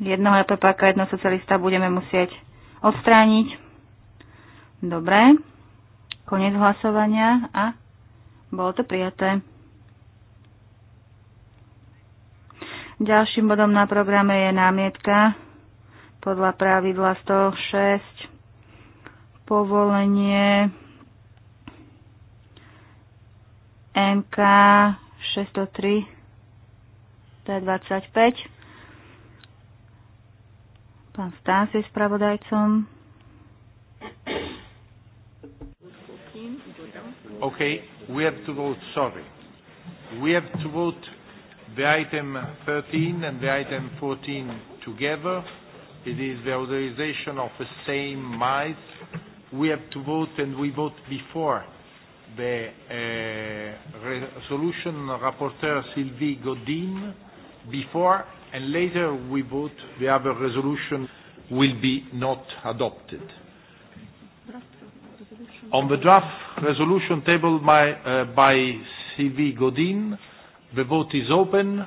Jednoho EPPK, jedno socialista budeme musieť odstrániť. Dobre. Konec hlasovania a bolo to prijaté. Ďalším bodom na programe je námietka podľa pravidla 106 povolenie MK 603 T25 Pán Stás je spravodajcom. OK, we have to vote, sorry. We have to vote the item 13 and the item 14 together. It is the authorization of the same might. We have to vote and we vote before the uh, resolution rapporteur Sylvie Godin before and later we vote the other resolution will be not adopted. On the draft resolution tabled by, uh, by CV Godin, the vote is open.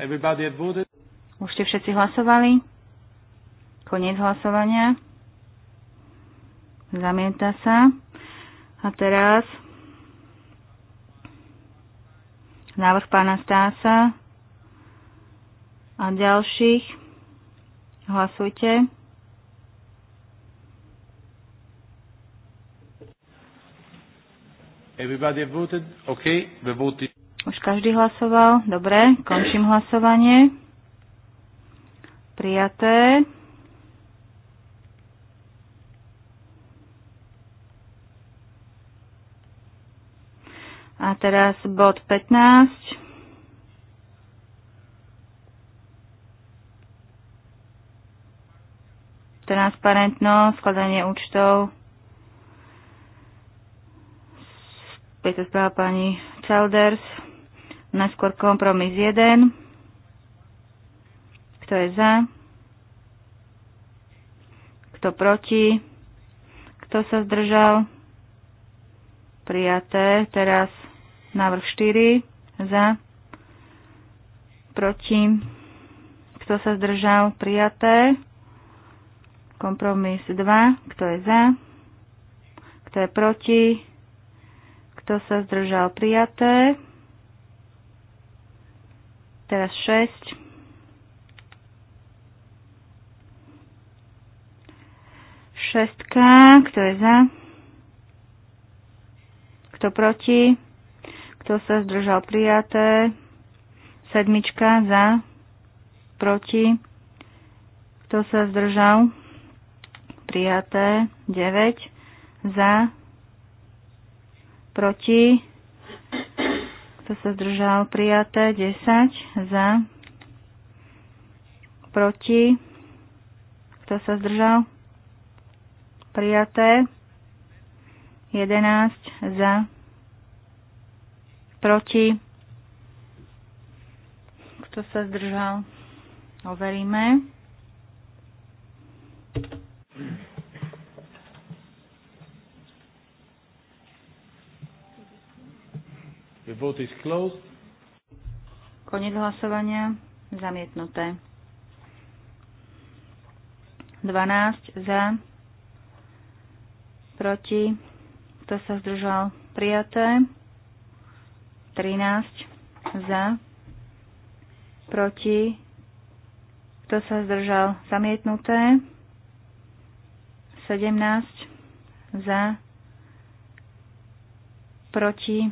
Everybody had voted? Už ste všetci hlasovali? Koniec hlasovania. Zamieta sa. A teraz návrh pána Stása a ďalších. Hlasujte. Everybody voted? Okay, Už každý hlasoval? Dobre, končím hlasovanie. Prijaté. A teraz bod 15. Transparentnosť, skladanie účtov. Je to správa pani Childers. Najskôr kompromis 1. Kto je za? Kto proti? Kto sa zdržal? Prijaté. Teraz Návrh 4 za, proti, kto sa zdržal, prijaté. Kompromis 2, kto je za, kto je proti, kto sa zdržal, prijaté. Teraz 6. Šestka, kto je za? Kto proti? Kto sa zdržal prijaté? Sedmička za, proti. Kto sa zdržal? Prijaté. 9 za, proti. Kto sa zdržal? Prijaté. 10 za, proti. Kto sa zdržal? Prijaté. 11 za, Proti? Kto sa zdržal? Overíme. The vote is closed. hlasovania. Zamietnuté. 12 za. Proti. Kto sa zdržal? Prijaté. 13 za, proti, kto sa zdržal, zamietnuté, 17 za, proti,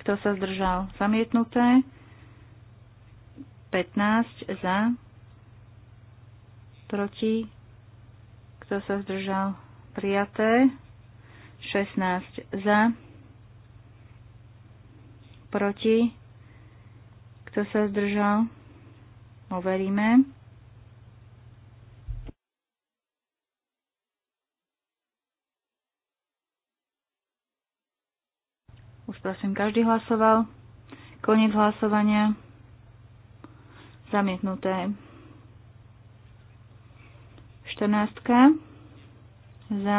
kto sa zdržal, zamietnuté, 15 za, proti, kto sa zdržal, prijaté, 16 za, proti, kto sa zdržal, overíme. Už prosím, každý hlasoval. Koniec hlasovania. Zamietnuté. 14. Za.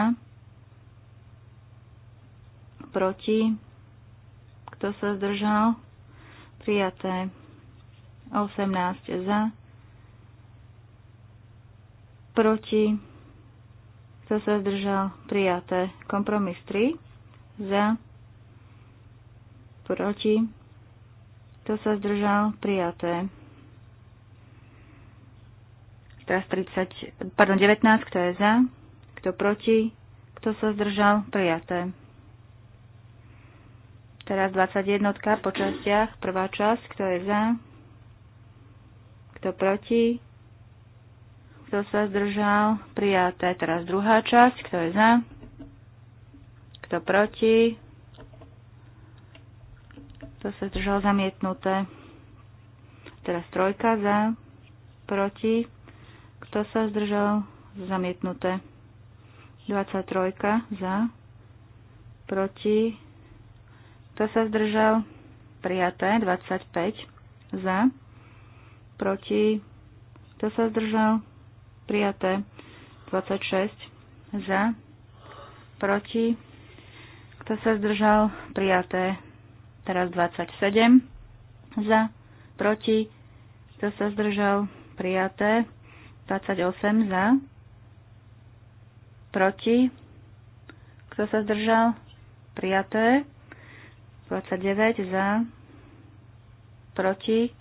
Proti. Kto sa zdržal? Prijaté. 18 za. Proti. Kto sa zdržal? Prijaté. Kompromis 3. Za. Proti. Kto sa zdržal? Prijaté. Teraz 30, pardon, 19, kto je za, kto proti, kto sa zdržal, prijaté. Teraz 21 po častiach. Prvá časť, kto je za, kto proti, kto sa zdržal, prijaté. Teraz druhá časť, kto je za, kto proti, kto sa zdržal, zamietnuté. Teraz trojka za, proti, kto sa zdržal, zamietnuté. 23 za, proti, kto sa zdržal? Prijaté. 25 za. Proti. Kto sa zdržal? Prijaté. 26 za. Proti. Kto sa zdržal? Prijaté. Teraz 27 za. Proti. Kto sa zdržal? Prijaté. 28 za. Proti. Kto sa zdržal? Prijaté. 29 za, proti,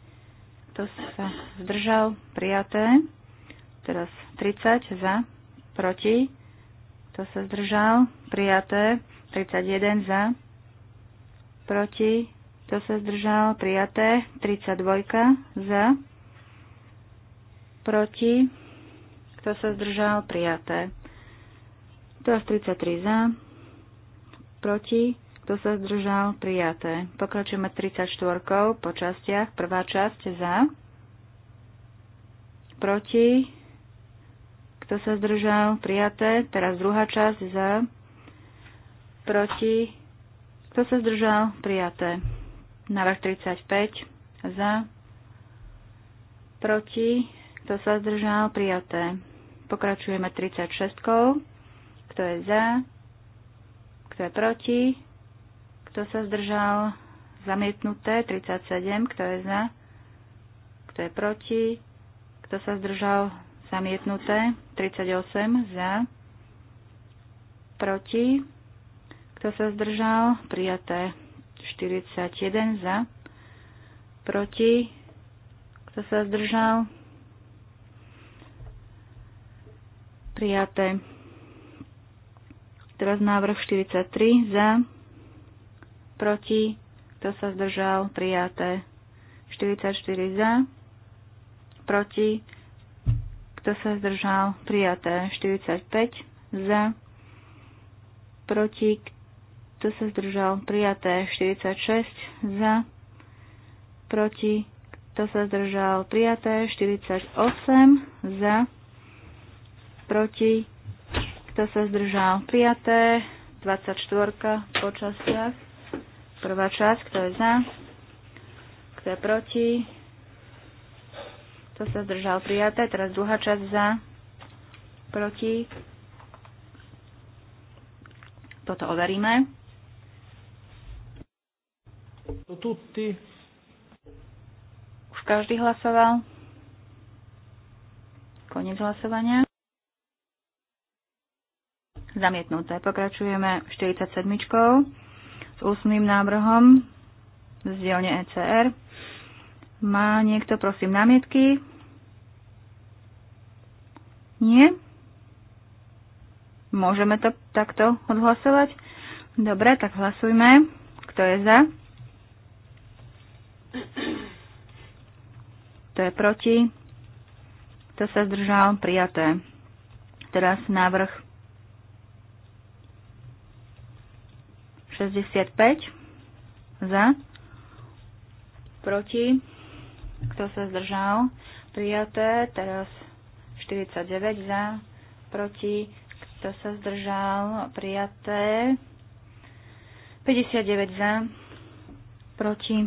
kto sa zdržal, prijaté. Teraz 30 za, proti, kto sa zdržal, prijaté. 31 za, proti, kto sa zdržal, prijaté. 32 za, proti, kto sa zdržal, prijaté. Teraz 33 za, proti, kto sa zdržal? Prijaté. Pokračujeme 34 po častiach. Prvá časť za. Proti. Kto sa zdržal? Prijaté. Teraz druhá časť za. Proti. Kto sa zdržal? Prijaté. Návrh 35 za. Proti. Kto sa zdržal? Prijaté. Pokračujeme 36. Kto je za? Kto je proti? Kto sa zdržal? Zamietnuté. 37. Kto je za? Kto je proti? Kto sa zdržal? Zamietnuté. 38. Za. Proti. Kto sa zdržal? Prijaté. 41. Za. Proti. Kto sa zdržal? Prijaté. Teraz návrh 43 za, proti, kto sa zdržal, prijaté. 44 za, proti, kto sa zdržal, prijaté. 45 za, proti, kto sa zdržal, prijaté. 46 za, proti, kto sa zdržal, prijaté. 48 za, proti, kto sa zdržal, prijaté. 24 po častiach Prvá časť, kto je za, kto je proti, kto sa zdržal prijaté. Teraz druhá časť za, proti. Toto overíme. Tutti. Už každý hlasoval. Koniec hlasovania. Zamietnuté. Pokračujeme 47 s ústnym návrhom z dielne ECR. Má niekto, prosím, námietky? Nie? Môžeme to takto odhlasovať? Dobre, tak hlasujme. Kto je za? Kto je proti? Kto sa zdržal? Prijaté. Teraz návrh 65 za, proti, kto sa zdržal, prijaté, teraz 49 za, proti, kto sa zdržal, prijaté, 59 za, proti,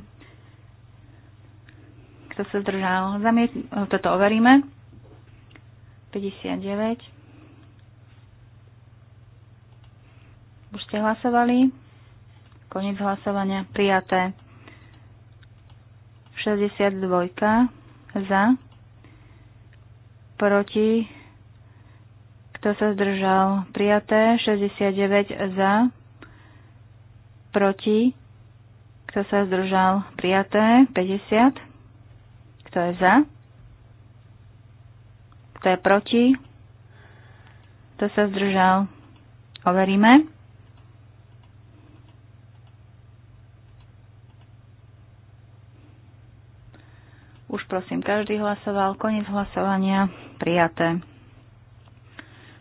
kto sa zdržal, zamiet, no, toto overíme, 59, už ste hlasovali, Koniec hlasovania. Prijaté. 62 za. Proti. Kto sa zdržal? Prijaté. 69 za. Proti. Kto sa zdržal? Prijaté. 50. Kto je za? Kto je proti? Kto sa zdržal? Overíme. Už prosím, každý hlasoval. Koniec hlasovania. Prijaté.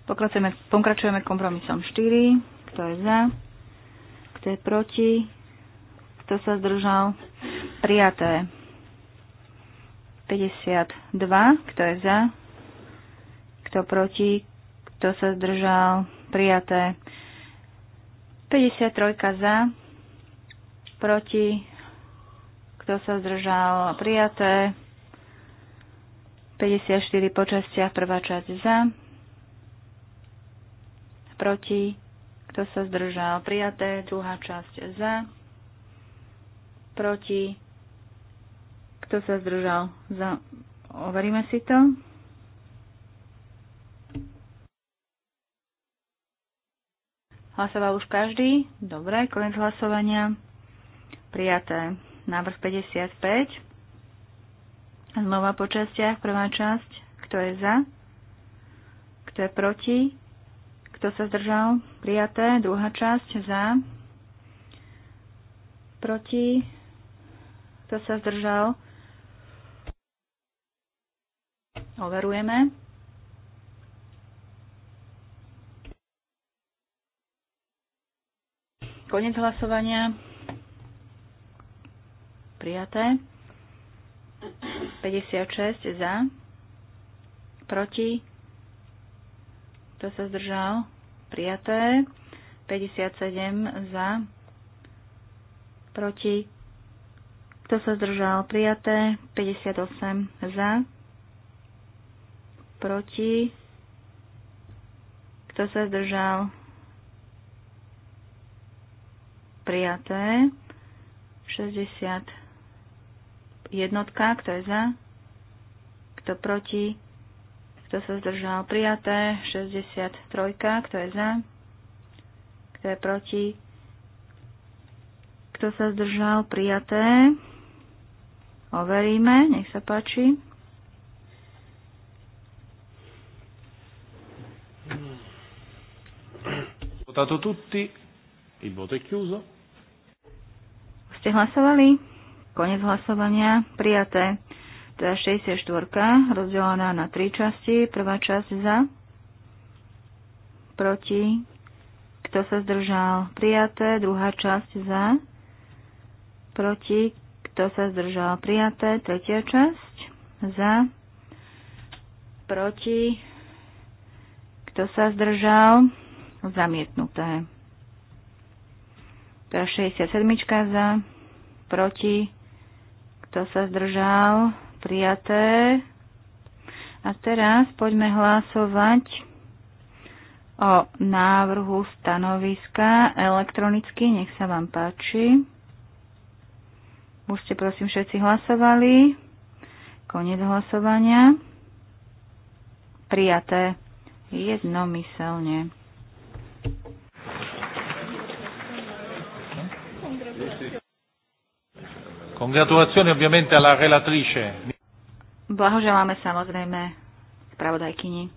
Pokračujeme, pokračujeme kompromisom 4. Kto je za? Kto je proti? Kto sa zdržal? Prijaté. 52. Kto je za? Kto proti? Kto sa zdržal? Prijaté. 53 za, proti, kto sa zdržal? Prijaté. 54 počastia, Prvá časť za. Proti. Kto sa zdržal? Prijaté. Druhá časť za. Proti. Kto sa zdržal? Za. Overíme si to. Hlasoval už každý? Dobre, koniec hlasovania. Prijaté. Návrh 55. Znova po častiach. Prvá časť. Kto je za? Kto je proti? Kto sa zdržal? Prijaté. Druhá časť. Za. Proti. Kto sa zdržal? Overujeme. Konec hlasovania prijaté. 56 za, proti, kto sa zdržal, prijaté. 57 za, proti, kto sa zdržal, prijaté. 58 za, proti, kto sa zdržal, prijaté. 60 jednotka, kto je za, kto proti, kto sa zdržal prijaté, 63, kto je za, kto je proti, kto sa zdržal prijaté, overíme, nech sa páči. Votato tutti, il voto è chiuso. Ste hlasovali? Konec hlasovania. Prijaté. Teda 64. rozdelená na tri časti. Prvá časť za. Proti. Kto sa zdržal? Prijaté. Druhá časť za. Proti. Kto sa zdržal? Prijaté. Tretia časť za. Proti. Kto sa zdržal? Zamietnuté. je, 67. za. Proti kto sa zdržal? Prijaté. A teraz poďme hlasovať o návrhu stanoviska elektronicky. Nech sa vám páči. Už ste prosím všetci hlasovali. koniec hlasovania. Prijaté jednomyselne. Congratulazioni ovviamente alla relatrice. Blahoželáme samozrejme spravodajkyni.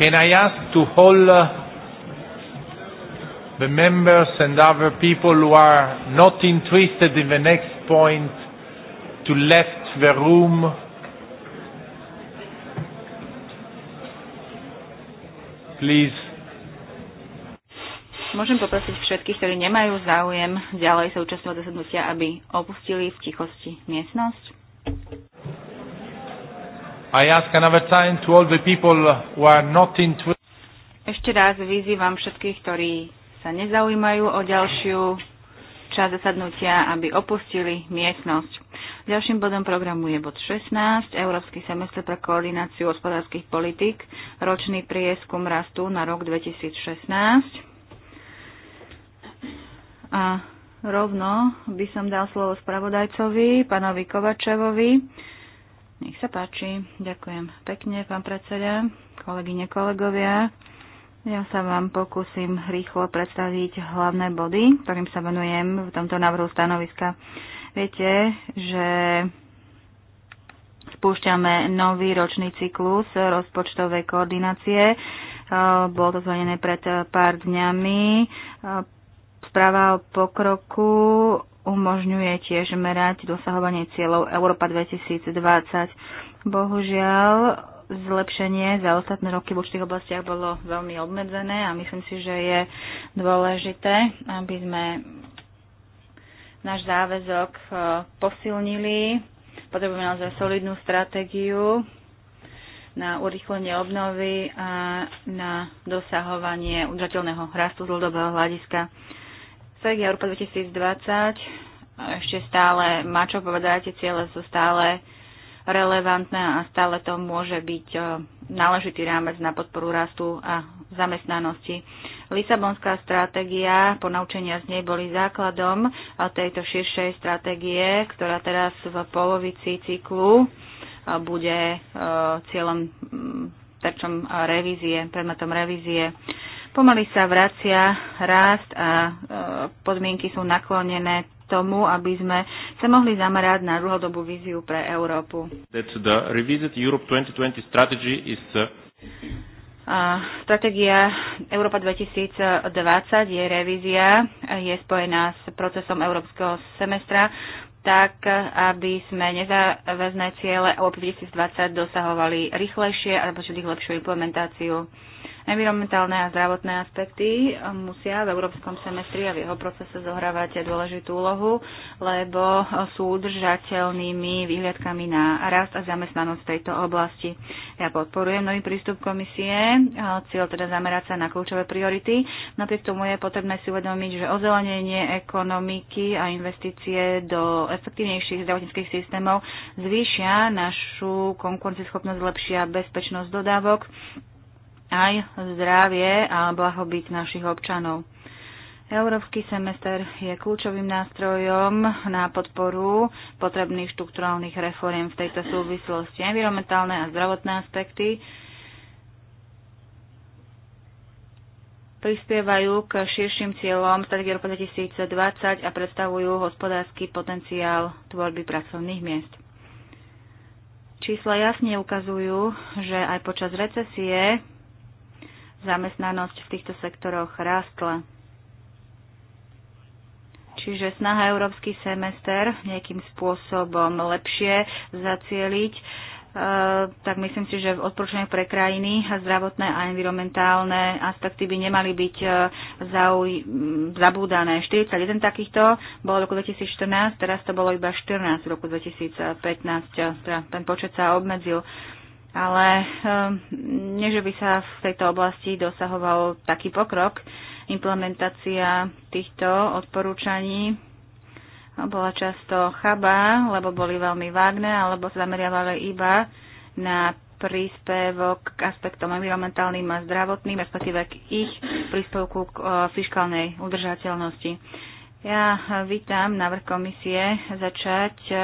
Can I ask to all uh, the members and other people who are not interested in the next point to left the room? Please. Môžem poprosiť všetkých, ktorí nemajú záujem ďalej sa účastňovať zasadnutia, aby opustili v tichosti miestnosť. I ask another time to all the people who are not into... Ešte raz vyzývam všetkých, ktorí sa nezaujímajú o ďalšiu časť zasadnutia, aby opustili miestnosť. Ďalším bodom programu je bod 16, Európsky semestr pre koordináciu hospodárskych politik, ročný prieskum rastu na rok 2016. A rovno by som dal slovo spravodajcovi, pánovi Kovačevovi, nech sa páči. Ďakujem pekne, pán predseda, kolegyne, kolegovia. Ja sa vám pokúsim rýchlo predstaviť hlavné body, ktorým sa venujem v tomto návrhu stanoviska. Viete, že spúšťame nový ročný cyklus rozpočtovej koordinácie. Bolo to zvanené pred pár dňami Správa o pokroku umožňuje tiež merať dosahovanie cieľov Európa 2020. Bohužiaľ, zlepšenie za ostatné roky v určitých oblastiach bolo veľmi obmedzené a myslím si, že je dôležité, aby sme náš záväzok eh, posilnili. Potrebujeme naozaj solidnú stratégiu na urýchlenie obnovy a na dosahovanie udržateľného rastu z dlhodobého hľadiska. Strategia Európa 2020 ešte stále má čo povedať, tie ciele sú stále relevantné a stále to môže byť e, náležitý rámec na podporu rastu a zamestnanosti. Lisabonská stratégia, ponaučenia z nej boli základom tejto širšej stratégie, ktorá teraz v polovici cyklu e, bude e, cieľom terčom revízie, predmetom revízie. Pomaly sa vracia rást a e, podmienky sú naklonené tomu, aby sme sa mohli zamerať na dlhodobú víziu pre Európu. Stratégia uh, Európa 2020 je revízia, je spojená s procesom európskeho semestra, tak aby sme nezáväzné ciele Európy 2020 dosahovali rýchlejšie a ich lepšiu implementáciu. Environmentálne a zdravotné aspekty musia v európskom semestri a v jeho procese zohrávať dôležitú úlohu, lebo sú udržateľnými výhľadkami na rast a zamestnanosť v tejto oblasti. Ja podporujem nový prístup komisie, cieľ teda zamerať sa na kľúčové priority. Napriek tomu je potrebné si uvedomiť, že ozelenenie ekonomiky a investície do efektívnejších zdravotníckých systémov zvýšia našu konkurencieschopnosť, lepšia bezpečnosť dodávok aj zdravie a blahobyt našich občanov. Európsky semester je kľúčovým nástrojom na podporu potrebných štruktúrálnych reforiem v tejto súvislosti. Environmentálne a zdravotné aspekty prispievajú k širším cieľom strategie roku 2020 a predstavujú hospodársky potenciál tvorby pracovných miest. Čísla jasne ukazujú, že aj počas recesie zamestnanosť v týchto sektoroch rástla. Čiže snaha európsky semester nejakým spôsobom lepšie zacieliť, e, tak myslím si, že v odporúčaniach pre krajiny a zdravotné a environmentálne aspekty by nemali byť e, zauj- zabúdané. 41 takýchto bolo v roku 2014, teraz to bolo iba 14 v roku 2015, teda ten počet sa obmedzil. E, ale ehm, nie, že by sa v tejto oblasti dosahoval taký pokrok. Implementácia týchto odporúčaní no, bola často chabá, lebo boli veľmi vágne, alebo sa zameriavali iba na príspevok k aspektom environmentálnym a zdravotným, respektíve k ich príspevku k fiskálnej udržateľnosti. Ja vítam návrh komisie začať e, e,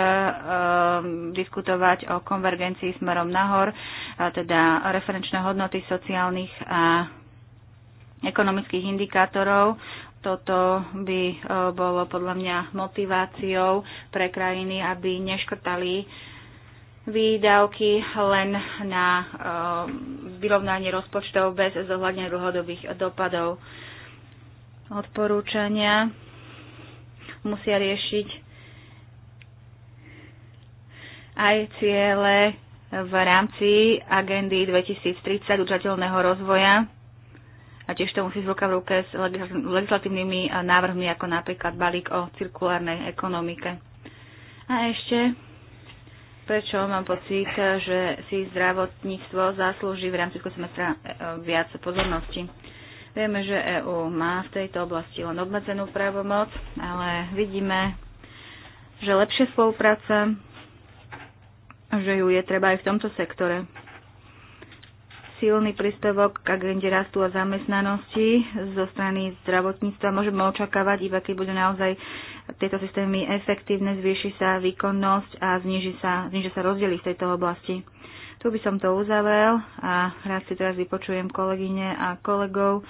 diskutovať o konvergencii smerom nahor, teda referenčné hodnoty sociálnych a ekonomických indikátorov. Toto by e, bolo podľa mňa motiváciou pre krajiny, aby neškrtali výdavky len na vyrovnanie rozpočtov bez zohľadne dlhodobých dopadov odporúčania musia riešiť aj ciele v rámci agendy 2030 udržateľného rozvoja a tiež to musí z ruka v ruke s legislatívnymi eh, návrhmi, ako napríklad balík o cirkulárnej ekonomike. A ešte, prečo mám pocit, eh, že si zdravotníctvo zaslúži v rámci semestra eh, viac pozornosti. Vieme, že EÚ má v tejto oblasti len obmedzenú právomoc, ale vidíme, že lepšia spolupráca, že ju je treba aj v tomto sektore. Silný príspevok k agende rastu a zamestnanosti zo strany zdravotníctva môžeme očakávať, iba keď bude naozaj tieto systémy efektívne, zvýši sa výkonnosť a zniží sa, zniží sa rozdiely v tejto oblasti. Tu by som to uzavrel a rád si teraz vypočujem kolegyne a kolegov,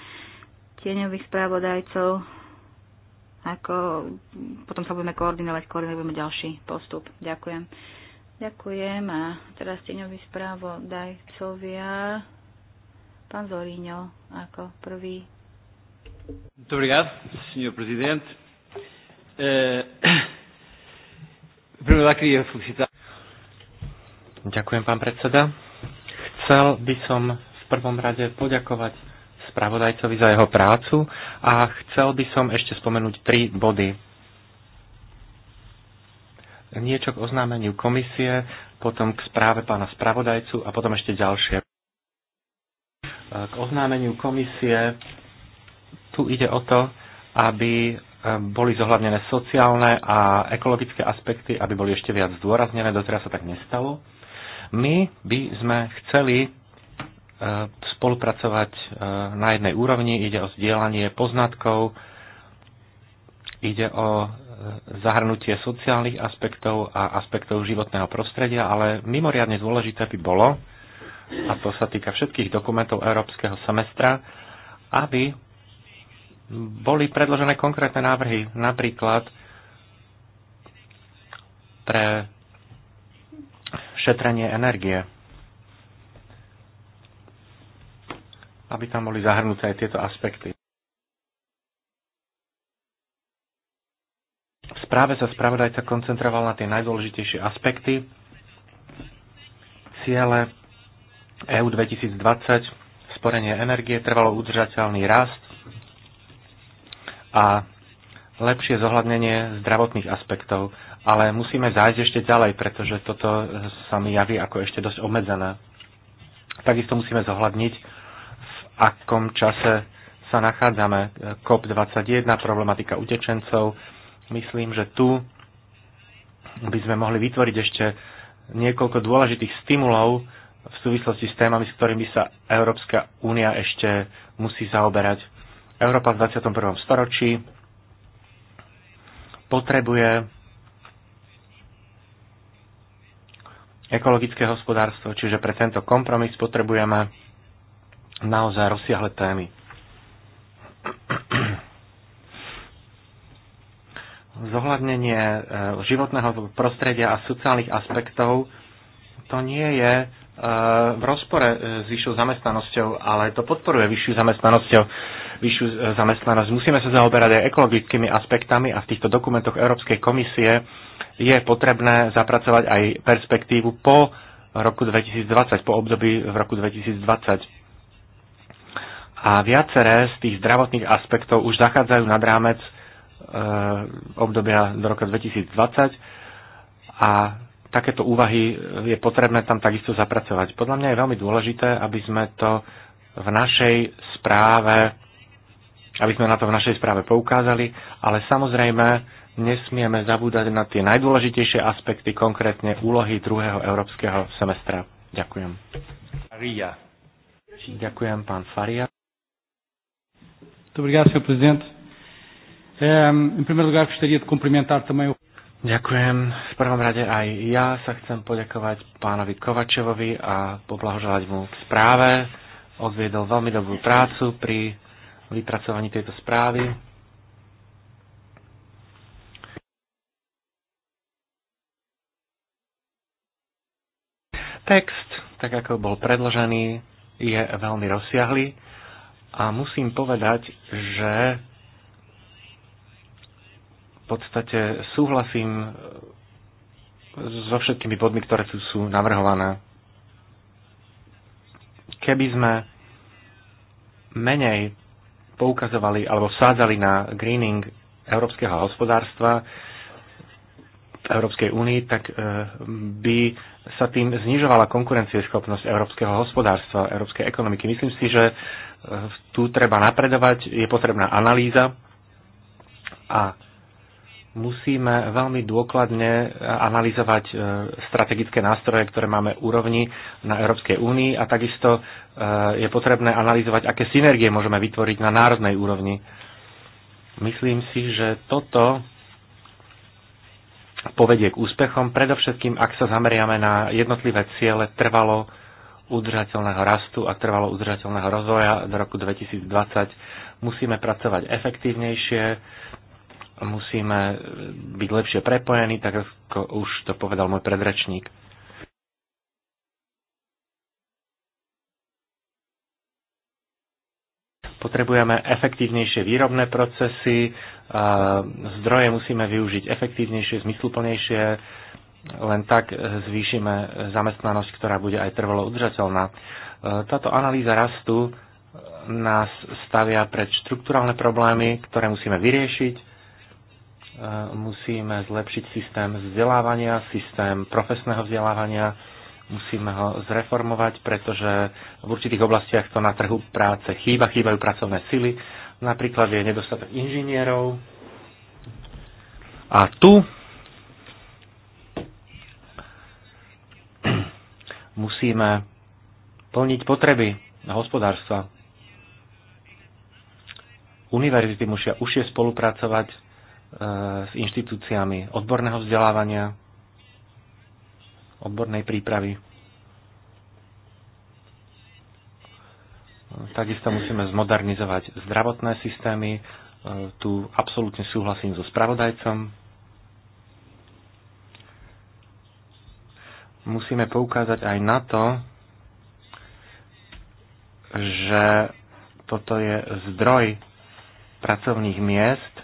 tieňových správodajcov, ako potom sa budeme koordinovať, koordinujeme ďalší postup. Ďakujem. Ďakujem a teraz tieňový správodajcovia. Pán Zoríňo ako prvý. Dobrý rád, senior prezident. Uh, eh, primeiro lá Ďakujem, pán predseda. Chcel by som v prvom rade poďakovať spravodajcovi za jeho prácu a chcel by som ešte spomenúť tri body. Niečo k oznámeniu komisie, potom k správe pána spravodajcu a potom ešte ďalšie. K oznámeniu komisie tu ide o to, aby e, boli zohľadnené sociálne a ekologické aspekty, aby boli ešte viac zdôraznené. Doteraz sa tak nestalo my by sme chceli e, spolupracovať e, na jednej úrovni, ide o zdieľanie poznatkov, ide o e, zahrnutie sociálnych aspektov a aspektov životného prostredia, ale mimoriadne dôležité by bolo, a to sa týka všetkých dokumentov európskeho semestra, aby boli predložené konkrétne návrhy, napríklad pre šetrenie energie. Aby tam boli zahrnuté aj tieto aspekty. V správe sa spravodajca koncentroval na tie najdôležitejšie aspekty, ciele EU 2020, sporenie energie, trvalo udržateľný rast a lepšie zohľadnenie zdravotných aspektov ale musíme zájsť ešte ďalej, pretože toto eh, sa mi javí ako ešte dosť obmedzené. Takisto musíme zohľadniť, v akom čase sa nachádzame. COP21, problematika utečencov. Myslím, že tu by sme mohli vytvoriť ešte niekoľko dôležitých stimulov v súvislosti s témami, s ktorými sa Európska únia ešte musí zaoberať. Európa v 21. storočí potrebuje ekologické hospodárstvo, čiže pre tento kompromis potrebujeme naozaj rozsiahle témy. Zohľadnenie e, životného prostredia a sociálnych aspektov to nie je e, v rozpore e, s vyššou zamestnanosťou, ale to podporuje vyššiu zamestnanosťou, vyššiu zamestnanosť. Musíme sa zaoberať aj ekologickými aspektami a v týchto dokumentoch Európskej komisie je potrebné zapracovať aj perspektívu po roku 2020, po období v roku 2020. A viaceré z tých zdravotných aspektov už zachádzajú nad rámec e, obdobia do roka 2020 a takéto úvahy je potrebné tam takisto zapracovať. Podľa mňa je veľmi dôležité, aby sme to v našej správe, aby sme na to v našej správe poukázali, ale samozrejme nesmieme zabúdať na tie najdôležitejšie aspekty, konkrétne úlohy druhého európskeho semestra. Ďakujem. Faria. Ďakujem, pán Faria. Dobrý deň, prezident. Um, ehm, primer lugar, gostaria de Ďakujem. V prvom rade aj ja sa chcem poďakovať pánovi Kovačevovi a poblahoželať mu k správe. Odviedol veľmi dobrú prácu pri vypracovaní tejto správy. Text, tak ako bol predložený, je veľmi rozsiahly a musím povedať, že v podstate súhlasím so všetkými bodmi, ktoré tu sú navrhované. Keby sme menej poukazovali alebo sádzali na greening európskeho hospodárstva v Európskej únii, tak eh, by sa tým znižovala konkurencieschopnosť európskeho hospodárstva, európskej ekonomiky. Myslím si, že e, tu treba napredovať, je potrebná analýza a musíme veľmi dôkladne analyzovať e, strategické nástroje, ktoré máme úrovni na Európskej únii a takisto e, je potrebné analyzovať, aké synergie môžeme vytvoriť na národnej úrovni. Myslím si, že toto povedie k úspechom, predovšetkým ak sa zameriame na jednotlivé ciele trvalo udržateľného rastu a trvalo udržateľného rozvoja do roku 2020. Musíme pracovať efektívnejšie, musíme byť lepšie prepojení, tak ako už to povedal môj predrečník. Potrebujeme efektívnejšie výrobné procesy, zdroje musíme využiť efektívnejšie, zmysluplnejšie, len tak zvýšime zamestnanosť, ktorá bude aj trvalo udržateľná. E, táto analýza rastu nás stavia pred štruktúralne problémy, ktoré musíme vyriešiť, e, musíme zlepšiť systém vzdelávania, systém profesného vzdelávania, Musíme ho zreformovať, pretože v určitých oblastiach to na trhu práce chýba, chýbajú pracovné sily. Napríklad je nedostatok inžinierov. A tu musíme plniť potreby hospodárstva. Univerzity musia užšie spolupracovať eh, s inštitúciami odborného vzdelávania odbornej prípravy. Takisto musíme zmodernizovať zdravotné systémy. E, tu absolútne súhlasím so spravodajcom. Musíme poukázať aj na to, že toto je zdroj pracovných miest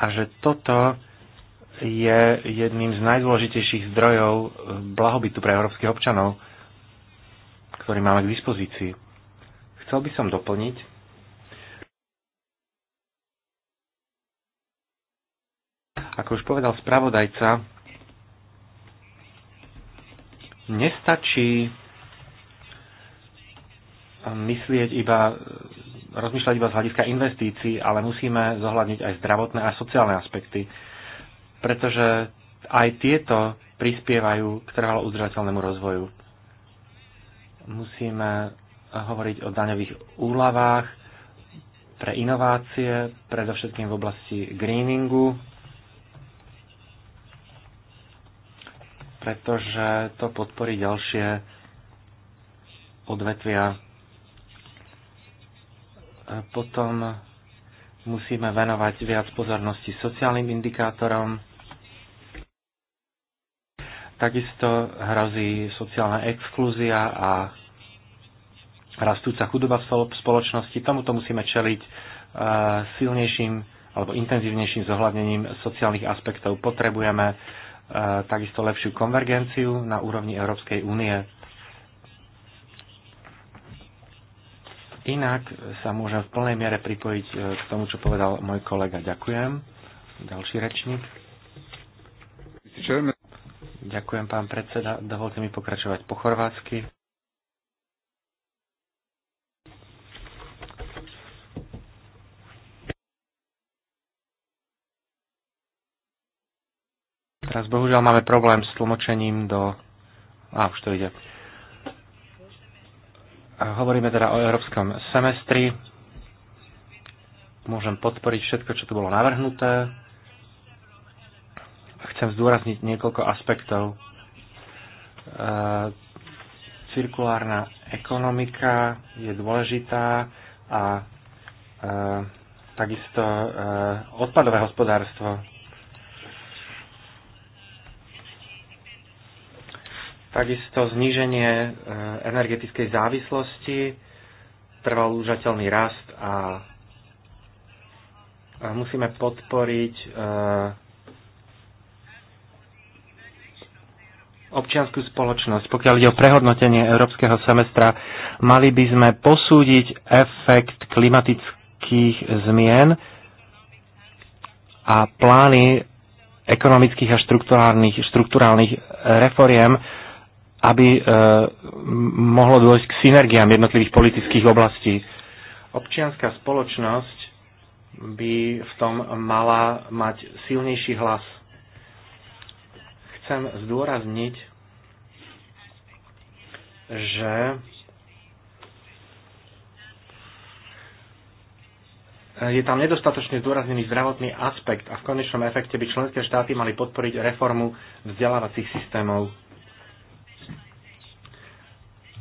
a že toto je jedným z najdôležitejších zdrojov eh, blahobytu pre európskych občanov, ktorý máme k dispozícii. Chcel by som doplniť, ako už povedal spravodajca, nestačí eh, myslieť iba, eh, rozmýšľať iba z hľadiska investícií, ale musíme zohľadniť aj zdravotné a sociálne aspekty pretože aj tieto prispievajú k trvalo udržateľnému rozvoju. Musíme hovoriť o daňových úľavách pre inovácie, predovšetkým v oblasti greeningu, pretože to podporí ďalšie odvetvia. Potom musíme venovať viac pozornosti sociálnym indikátorom, Takisto hrozí sociálna exklúzia a rastúca chudoba v spoločnosti. Tomuto musíme čeliť e, silnejším alebo intenzívnejším zohľadnením sociálnych aspektov. Potrebujeme e, takisto lepšiu konvergenciu na úrovni Európskej únie. Inak sa môžem v plnej miere pripojiť e, k tomu, čo povedal môj kolega. Ďakujem. Ďalší rečník. Ďakujem, pán predseda. Dovolte mi pokračovať po chorvátsky. Teraz bohužiaľ máme problém s tlmočením do... A, už to ide. Hovoríme teda o európskom semestri. Môžem podporiť všetko, čo tu bolo navrhnuté chcem zdôrazniť niekoľko aspektov. E, cirkulárna ekonomika je dôležitá a e, takisto e, odpadové hospodárstvo. Takisto zníženie energetickej závislosti, trval úžateľný rast a musíme podporiť občianskú spoločnosť. Pokiaľ ide o prehodnotenie európskeho semestra, mali by sme posúdiť efekt klimatických zmien a plány ekonomických a štruktúrálnych, štruktúrálnych reforiem, aby e, mohlo dôjsť k synergiám jednotlivých politických oblastí. Občianská spoločnosť by v tom mala mať silnejší hlas chcem zdôrazniť, že je tam nedostatočne zdôraznený zdravotný aspekt a v konečnom efekte by členské štáty mali podporiť reformu vzdelávacích systémov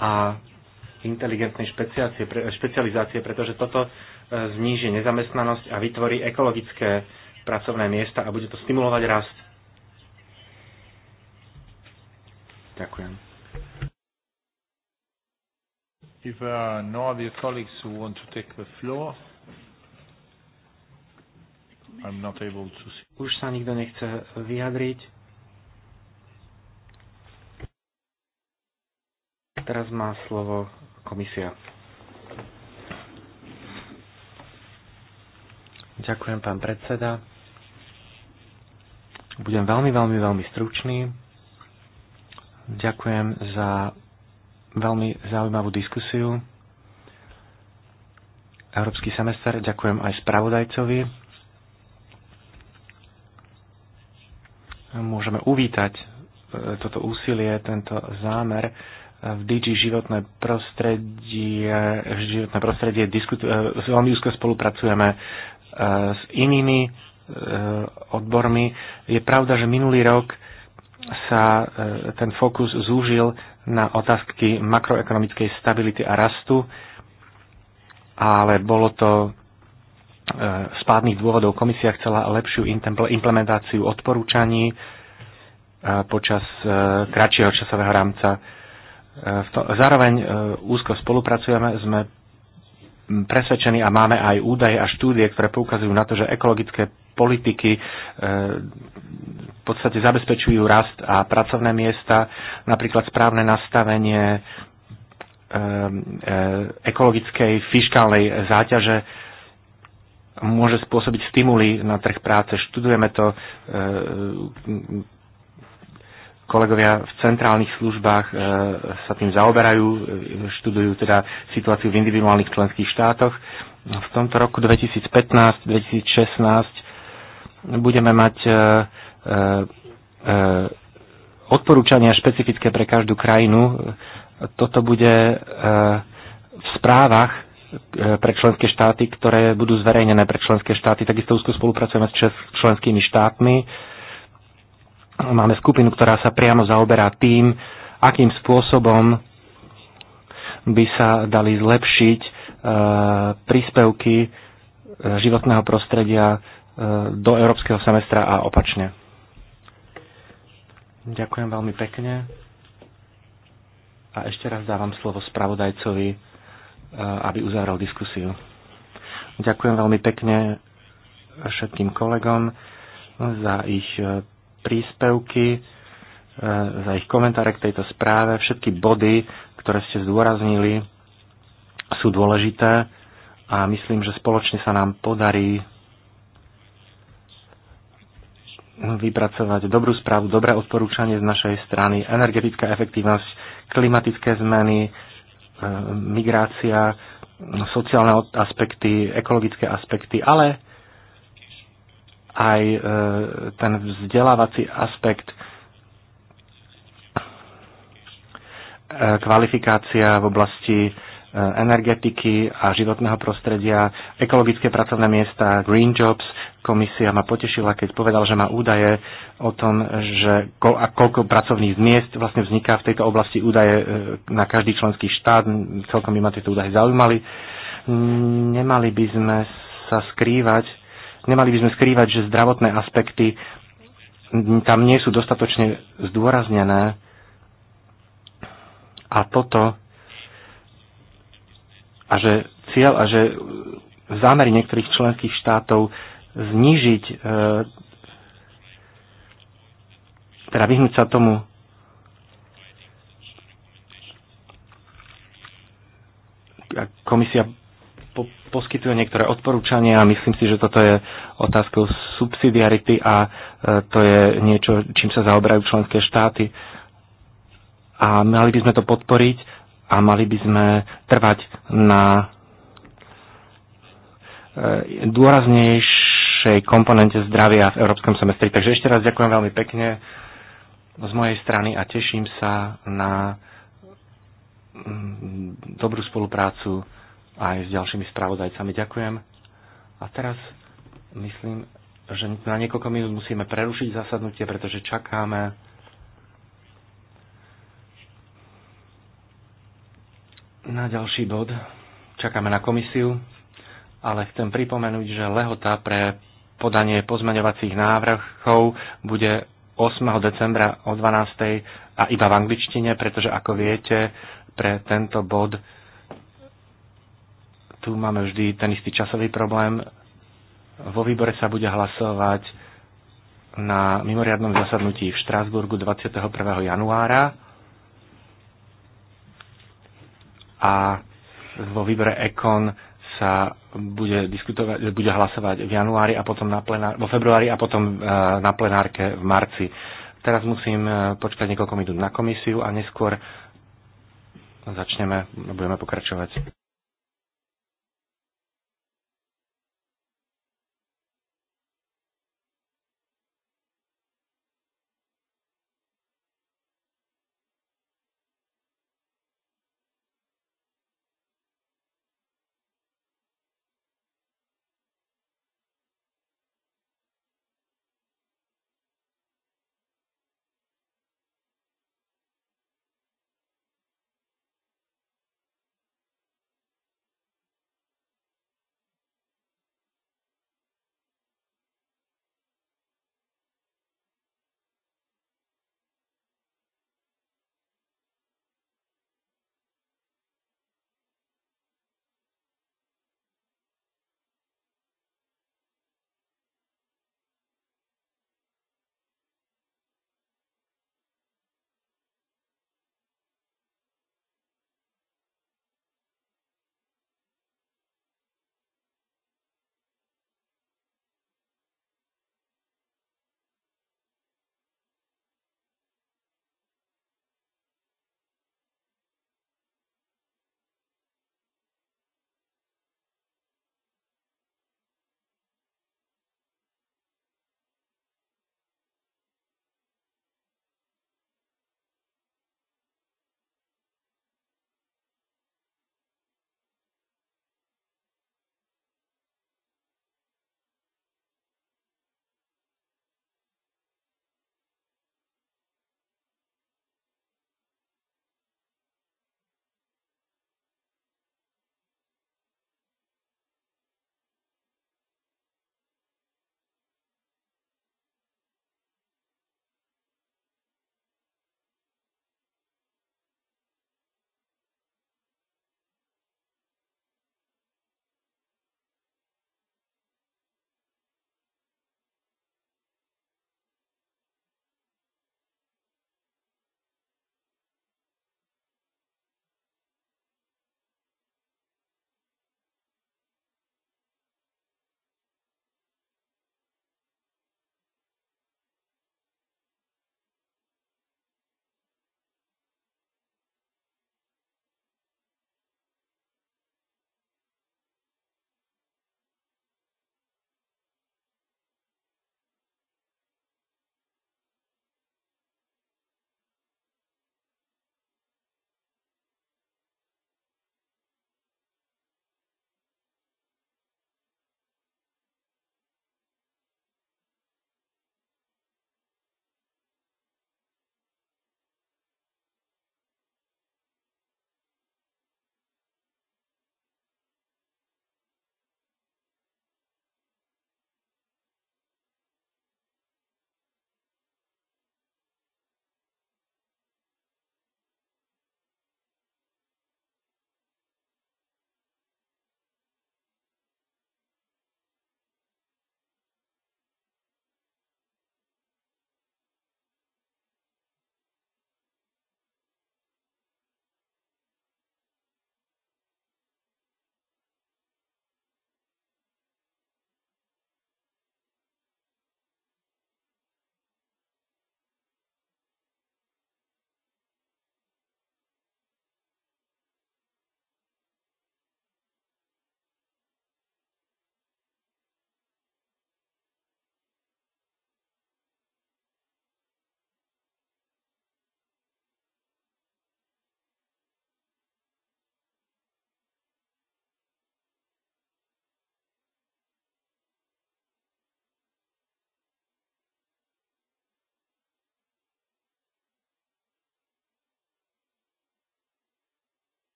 a inteligentnej špecializácie, pretože toto e, zníži nezamestnanosť a vytvorí ekologické pracovné miesta a bude to stimulovať rast. Ďakujem. If there are no other colleagues who want to take the floor, I'm not able to see. Už sa nikto nechce vyjadriť. Teraz má slovo komisia. Ďakujem, pán predseda. Budem veľmi, veľmi, veľmi stručný. Ďakujem za veľmi zaujímavú diskusiu. Európsky semester, ďakujem aj spravodajcovi. Môžeme uvítať e, toto úsilie, tento zámer v DG životné prostredie, životné prostredie diskutu, e, veľmi úzko spolupracujeme e, s inými odbormi. Je pravda, že minulý rok sa e, ten fokus zúžil na otázky makroekonomickej stability a rastu, ale bolo to e, z pádnych dôvodov. Komisia chcela lepšiu implementáciu odporúčaní e, počas kratšieho časového rámca. Zároveň úzko spolupracujeme, sme presvedčení a máme aj údaje a štúdie, ktoré poukazujú na to, že ekologické politiky e, v podstate zabezpečujú rast a pracovné miesta, napríklad správne nastavenie e, e, ekologickej fiskálnej záťaže môže spôsobiť stimuly na trh práce. Študujeme to kolegovia v centrálnych službách e, sa tým zaoberajú, e, študujú teda situáciu v individuálnych členských štátoch. V tomto roku 2015-2016 budeme mať e, odporúčania špecifické pre každú krajinu. Toto bude v správach pre členské štáty, ktoré budú zverejnené pre členské štáty. Takisto úzko spolupracujeme s členskými štátmi Máme skupinu, ktorá sa priamo zaoberá tým, akým spôsobom by sa dali zlepšiť e, príspevky e, životného prostredia e, do európskeho semestra a opačne. Ďakujem veľmi pekne. A ešte raz dávam slovo spravodajcovi, aby uzavrel diskusiu. Ďakujem veľmi pekne všetkým kolegom za ich príspevky, e, za ich komentáre k tejto správe. Všetky body, ktoré ste zdôraznili, sú dôležité a myslím, že spoločne sa nám podarí vypracovať dobrú správu, dobré odporúčanie z našej strany, energetická efektívnosť, klimatické zmeny, e, migrácia, sociálne aspekty, ekologické aspekty, ale aj e, ten vzdelávací aspekt e, kvalifikácia v oblasti e, energetiky a životného prostredia, ekologické pracovné miesta, Green Jobs. Komisia ma potešila, keď povedal, že má údaje o tom, že ko- a koľko pracovných miest vlastne vzniká v tejto oblasti údaje na každý členský štát. Celkom by ma tieto údaje zaujímali. Nemali by sme sa skrývať Nemali by sme skrývať, že zdravotné aspekty tam nie sú dostatočne zdôraznené a toto a že cieľ a že zámery niektorých členských štátov znížiť e, teda vyhnúť sa tomu komisia po, poskytujú niektoré odporúčania a myslím si, že toto je otázkou subsidiarity a e, to je niečo, čím sa zaoberajú členské štáty. A mali by sme to podporiť a mali by sme trvať na e, dôraznejšej komponente zdravia v Európskom semestri. Takže ešte raz ďakujem veľmi pekne z mojej strany a teším sa na mm, dobrú spoluprácu aj s ďalšími spravodajcami. Ďakujem. A teraz myslím, že na niekoľko minút musíme prerušiť zasadnutie, pretože čakáme na ďalší bod. Čakáme na komisiu, ale chcem pripomenúť, že lehota pre podanie pozmeňovacích návrhov bude 8. decembra o 12. a iba v angličtine, pretože ako viete, pre tento bod tu máme vždy ten istý časový problém. Vo výbore sa bude hlasovať na mimoriadnom zasadnutí v Štrásburgu 21. januára a vo výbore EKON sa bude, diskutovať, bude hlasovať v januári a potom na plenár, vo februári a potom e, na plenárke v marci. Teraz musím e, počkať niekoľko minút na komisiu a neskôr začneme a budeme pokračovať.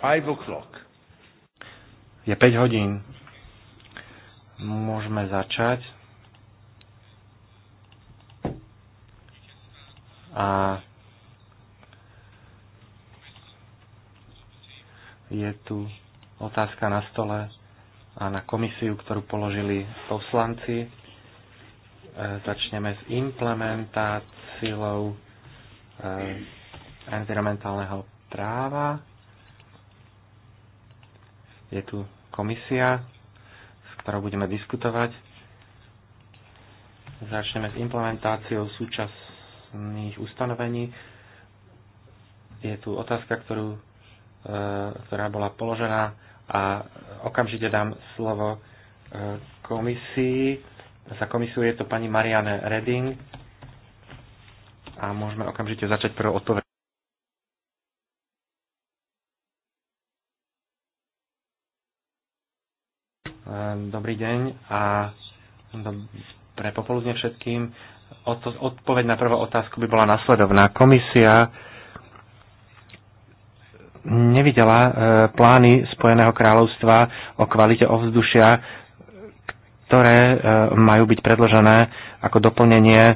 5 o'clock. Je 5 hodín. Môžeme začať. A je tu otázka na stole a na komisiu, ktorú položili poslanci. E, začneme s implementáciou e, environmentálneho práva je tu komisia, s ktorou budeme diskutovať. Začneme s implementáciou súčasných ustanovení. Je tu otázka, ktorú, e, ktorá bola položená a okamžite dám slovo e, komisii. Za komisiu je to pani Marianne Reding a môžeme okamžite začať prvou odpoveď. Dobrý deň a pre popoludne všetkým. Odpoveď na prvú otázku by bola nasledovná. Komisia nevidela e, plány Spojeného kráľovstva o kvalite ovzdušia, ktoré e, majú byť predložené ako doplnenie e,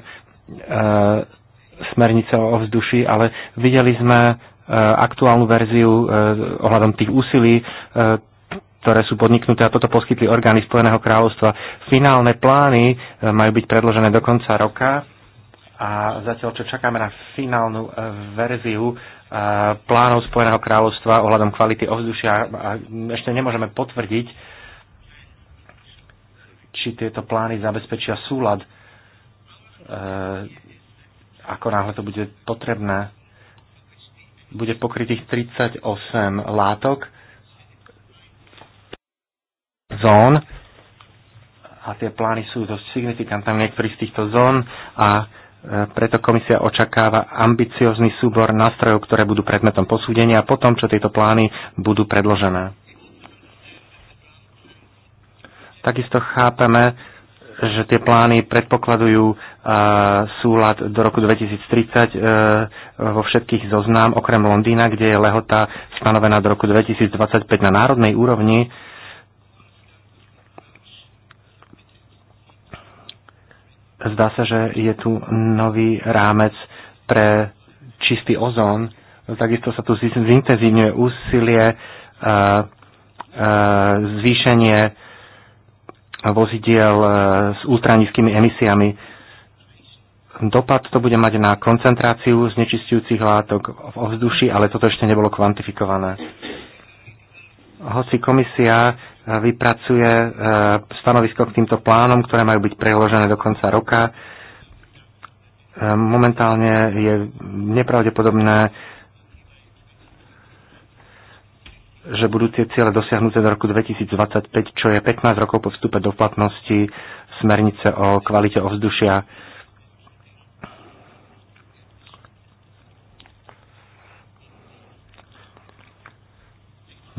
smernice o ovzduši, ale videli sme aktuálnu verziu ohľadom tých úsilí, ktoré sú podniknuté a toto poskytli orgány Spojeného kráľovstva. Finálne plány e, majú byť predložené do konca roka a zatiaľ čo čakáme na finálnu e, verziu e, plánov Spojeného kráľovstva ohľadom kvality ovzdušia, ešte nemôžeme potvrdiť, či tieto plány zabezpečia súlad, ako náhle to bude potrebné. Bude pokrytých 38 látok, zón a tie plány sú dosť signifikantné v niektorých z týchto zón a e, preto komisia očakáva ambiciozný súbor nástrojov, ktoré budú predmetom posúdenia a potom, čo tieto plány budú predložené. Takisto chápeme, že tie plány predpokladujú e, súlad do roku 2030 e, vo všetkých zoznám, okrem Londýna, kde je lehota stanovená do roku 2025 na národnej úrovni Zdá sa, že je tu nový rámec pre čistý ozón. Takisto sa tu zintenzívňuje úsilie, zvýšenie vozidiel s ultranízkými emisiami. Dopad to bude mať na koncentráciu znečistujúcich látok v ovzduši, ale toto ešte nebolo kvantifikované. Hoci komisia vypracuje e, stanovisko k týmto plánom, ktoré majú byť preložené do konca roka. E, momentálne je nepravdepodobné, že budú tie ciele dosiahnuté do roku 2025, čo je 15 rokov po vstupe do platnosti smernice o kvalite ovzdušia.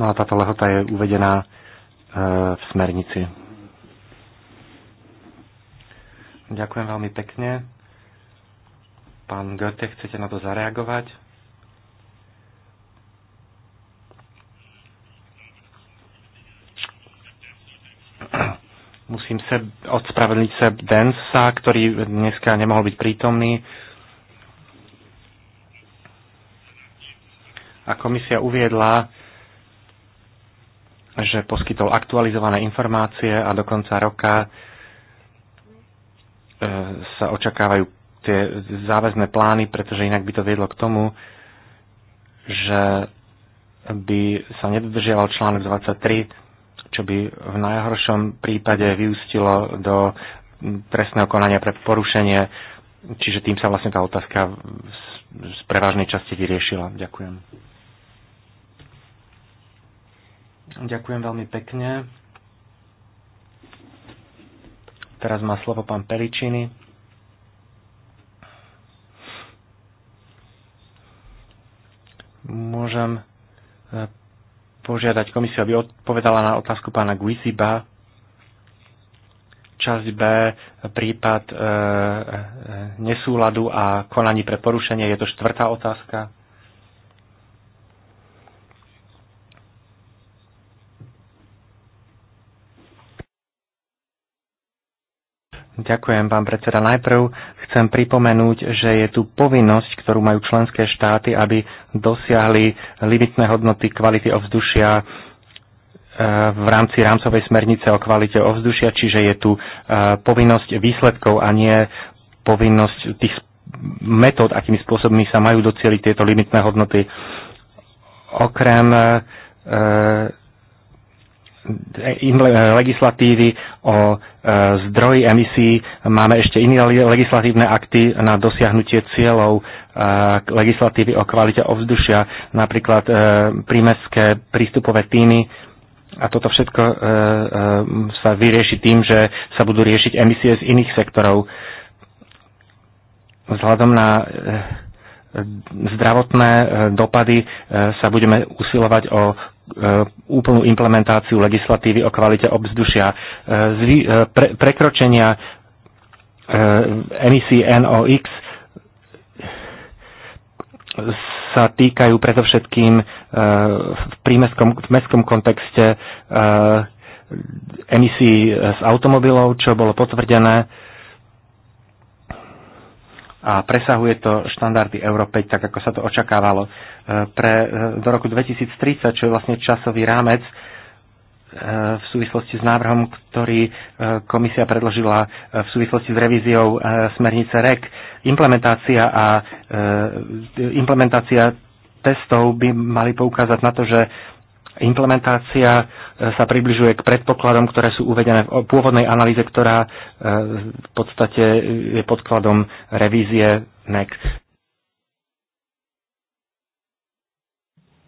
No a táto lehota je uvedená E, v smernici. Ďakujem veľmi pekne. Pán Goethe, chcete na to zareagovať? Musím sa odspravedliť sa Densa, ktorý dneska nemohol byť prítomný. A komisia uviedla, že poskytol aktualizované informácie a do konca roka e, sa očakávajú tie záväzné plány, pretože inak by to viedlo k tomu, že by sa nedodržiaval článok 23, čo by v najhoršom prípade vyústilo do trestného konania pre porušenie, čiže tým sa vlastne tá otázka z prevažnej časti vyriešila. Ďakujem. Ďakujem veľmi pekne. Teraz má slovo pán Peričiny. Môžem eh, požiadať komisiu, aby odpovedala na otázku pána Guisiba. Časť B, prípad e, nesúladu a konaní pre porušenie. Je to štvrtá otázka. Ďakujem, pán predseda. Najprv chcem pripomenúť, že je tu povinnosť, ktorú majú členské štáty, aby dosiahli limitné hodnoty kvality ovzdušia e, v rámci rámcovej smernice o kvalite ovzdušia, čiže je tu e, povinnosť výsledkov a nie povinnosť tých metód, akými spôsobmi sa majú docieliť tieto limitné hodnoty. Okrem e, legislatívy o e, zdroji emisí. Máme ešte iné legislatívne akty na dosiahnutie cieľov e, legislatívy o kvalite ovzdušia, napríklad e, prímeské prístupové týmy. A toto všetko sa vyrieši tým, že sa budú riešiť emisie z iných sektorov. Vzhľadom na zdravotné dopady sa budeme usilovať o E, úplnú implementáciu legislatívy o kvalite obzdušia, e, e, pre, prekročenia emisí NOx sa týkajú predovšetkým v, prímeskom, v mestskom kontexte emisí z automobilov, čo bolo potvrdené a presahuje to štandardy Euro 5, tak ako sa to očakávalo. E, pre, e, do roku 2030, čo je vlastne časový rámec e, v súvislosti s návrhom, ktorý komisia predložila v súvislosti s revíziou smernice REC. Implementácia a implementácia testov by mali poukázať na to, že implementácia sa približuje k predpokladom, ktoré sú uvedené v pôvodnej analýze, ktorá v podstate je podkladom revízie NEC.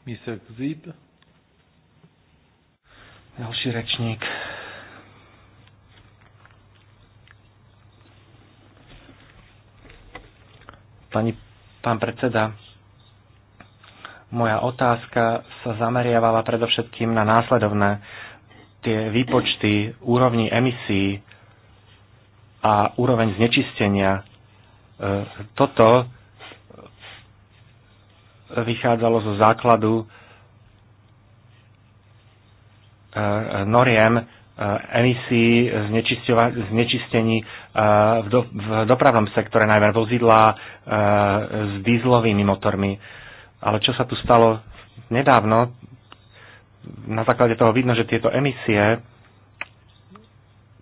Mr. Gzib. Ďalší rečník. Pani, pán predseda, moja otázka sa zameriavala predovšetkým na následovné tie výpočty úrovni emisí a úroveň znečistenia. E, toto vychádzalo zo základu e, noriem e, emisí znečistení e, v, do, v dopravnom sektore, najmä vozidlá s dýzlovými motormi. Ale čo sa tu stalo nedávno, na základe toho vidno, že tieto emisie,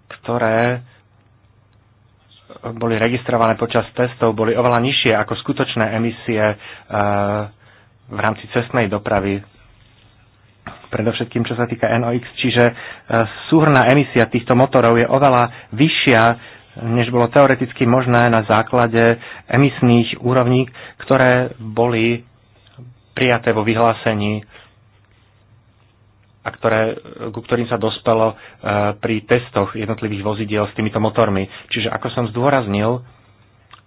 ktoré boli registrované počas testov, boli oveľa nižšie ako skutočné emisie v rámci cestnej dopravy, predovšetkým čo sa týka NOx, čiže e, súhrná emisia týchto motorov je oveľa vyššia, než bolo teoreticky možné na základe emisných úrovní, ktoré boli prijaté vo vyhlásení a ktoré, ku ktorým sa dospelo e, pri testoch jednotlivých vozidiel s týmito motormi. Čiže ako som zdôraznil,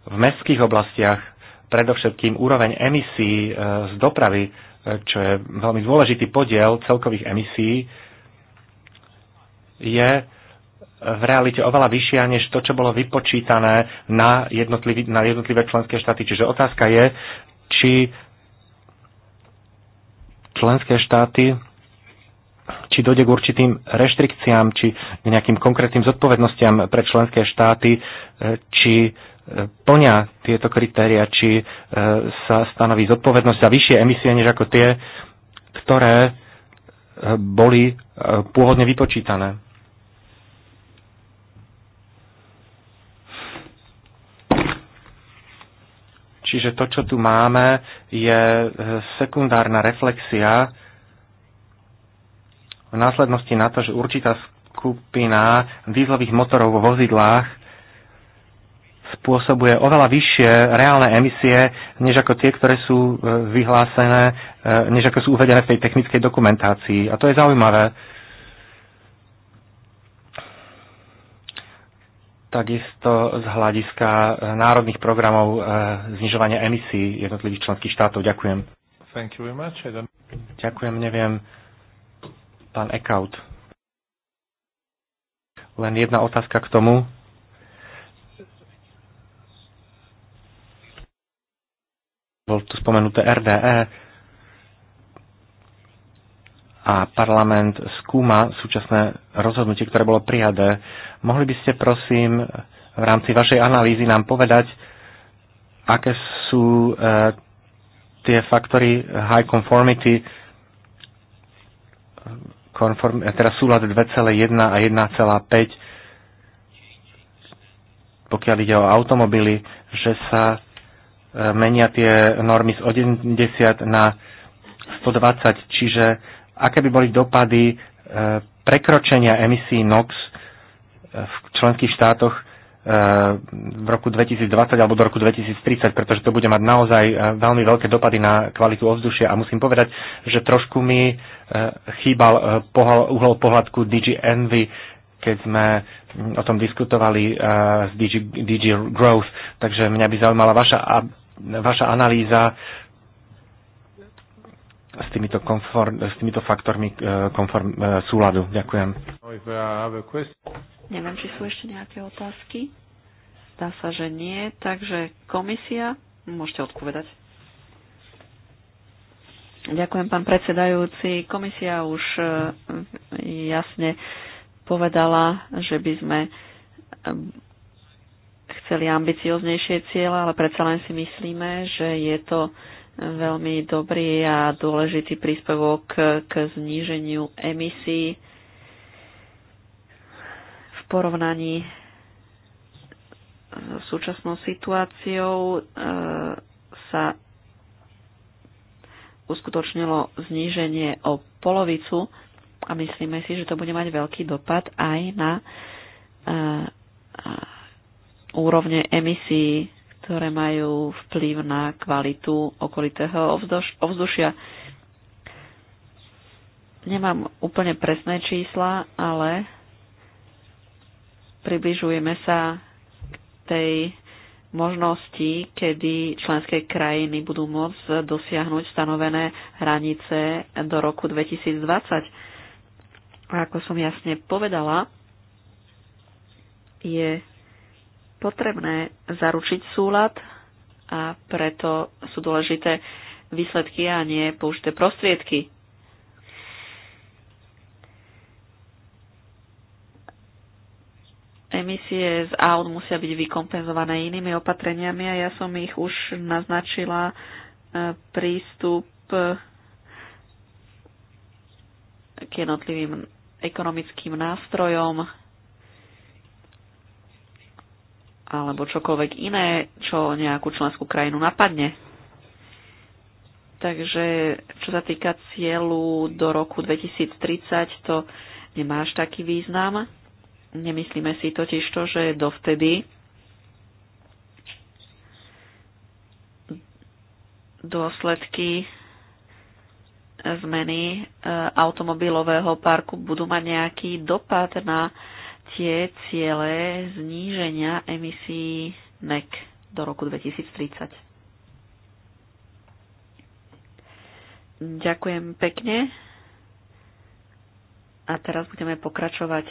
v mestských oblastiach predovšetkým úroveň emisí e, z dopravy, e, čo je veľmi dôležitý podiel celkových emisí, je e, v realite oveľa vyššia než to, čo bolo vypočítané na, na jednotlivé členské štáty. Čiže otázka je, či členské štáty či dojde k určitým reštrikciám, či k nejakým konkrétnym zodpovednostiam pre členské štáty, či plňa tieto kritéria, či e, sa stanoví zodpovednosť za vyššie emisie, než ako tie, ktoré e, boli e, pôvodne vypočítané. Čiže to, čo tu máme, je sekundárna reflexia v následnosti na to, že určitá skupina dýzlových motorov vo vozidlách spôsobuje oveľa vyššie reálne emisie, než ako tie, ktoré sú e, vyhlásené, e, než ako sú uvedené v tej technickej dokumentácii. A to je zaujímavé. Takisto z hľadiska e, národných programov znižovania emisí jednotlivých členských štátov. Ďakujem. Thank you very much. I don't... Ďakujem, neviem. Pán Ekaut. Len jedna otázka k tomu bol tu spomenuté RDE a parlament skúma súčasné rozhodnutie, ktoré bolo prijaté. Mohli by ste prosím v rámci vašej analýzy nám povedať, aké sú e, tie faktory high conformity, conform, e, teda súlad 2,1 a 1,5, pokiaľ ide o automobily, že sa menia tie normy z 80 na 120, čiže aké by boli dopady e, prekročenia emisí NOx e, v členských štátoch e, v roku 2020 alebo do roku 2030, pretože to bude mať naozaj veľmi veľké dopady na kvalitu ovzdušia. A musím povedať, že trošku mi chýbal uhol pohľadku DG Envy, keď sme mm, o tom diskutovali s DG, DG Growth. Takže mňa by zaujímala vaša vaša analýza s týmito, konform, s týmito faktormi e, konform, e, súladu. Ďakujem. Neviem, či sú ešte nejaké otázky. Zdá sa, že nie. Takže komisia, môžete odpovedať. Ďakujem, pán predsedajúci. Komisia už e, jasne povedala, že by sme chceli ambicioznejšie cieľa, ale predsa len si myslíme, že je to veľmi dobrý a dôležitý príspevok k zníženiu emisí v porovnaní s súčasnou situáciou e, sa uskutočnilo zníženie o polovicu a myslíme si, že to bude mať veľký dopad aj na e, úrovne emisí, ktoré majú vplyv na kvalitu okolitého ovzdušia. Nemám úplne presné čísla, ale približujeme sa k tej možnosti, kedy členské krajiny budú môcť dosiahnuť stanovené hranice do roku 2020. A ako som jasne povedala, je potrebné zaručiť súlad a preto sú dôležité výsledky a nie použité prostriedky. Emisie z aut musia byť vykompenzované inými opatreniami a ja som ich už naznačila e, prístup e, k jednotlivým ekonomickým nástrojom alebo čokoľvek iné, čo nejakú členskú krajinu napadne. Takže čo sa týka cieľu do roku 2030, to nemá až taký význam. Nemyslíme si totiž to, že dovtedy dôsledky zmeny e, automobilového parku budú mať nejaký dopad na tie ciele zníženia emisí NEC do roku 2030. Ďakujem pekne. A teraz budeme pokračovať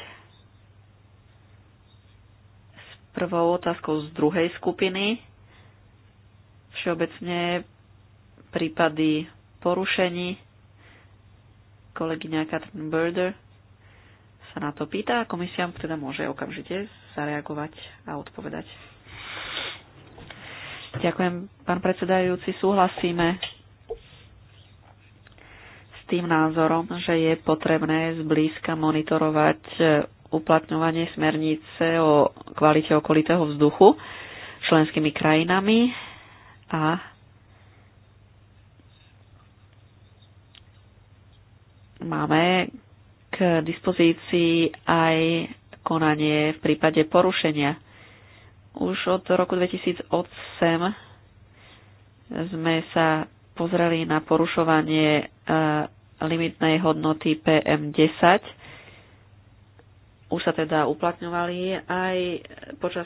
s prvou otázkou z druhej skupiny. Všeobecne prípady porušení kolegyňa Katrin Burder sa na to pýta a komisia teda môže okamžite zareagovať a odpovedať. Ďakujem, pán predsedajúci, súhlasíme s tým názorom, že je potrebné zblízka monitorovať uplatňovanie smernice o kvalite okolitého vzduchu členskými krajinami a máme dispozícii aj konanie v prípade porušenia. Už od roku 2008 sme sa pozreli na porušovanie e, limitnej hodnoty PM10. Už sa teda uplatňovali aj počas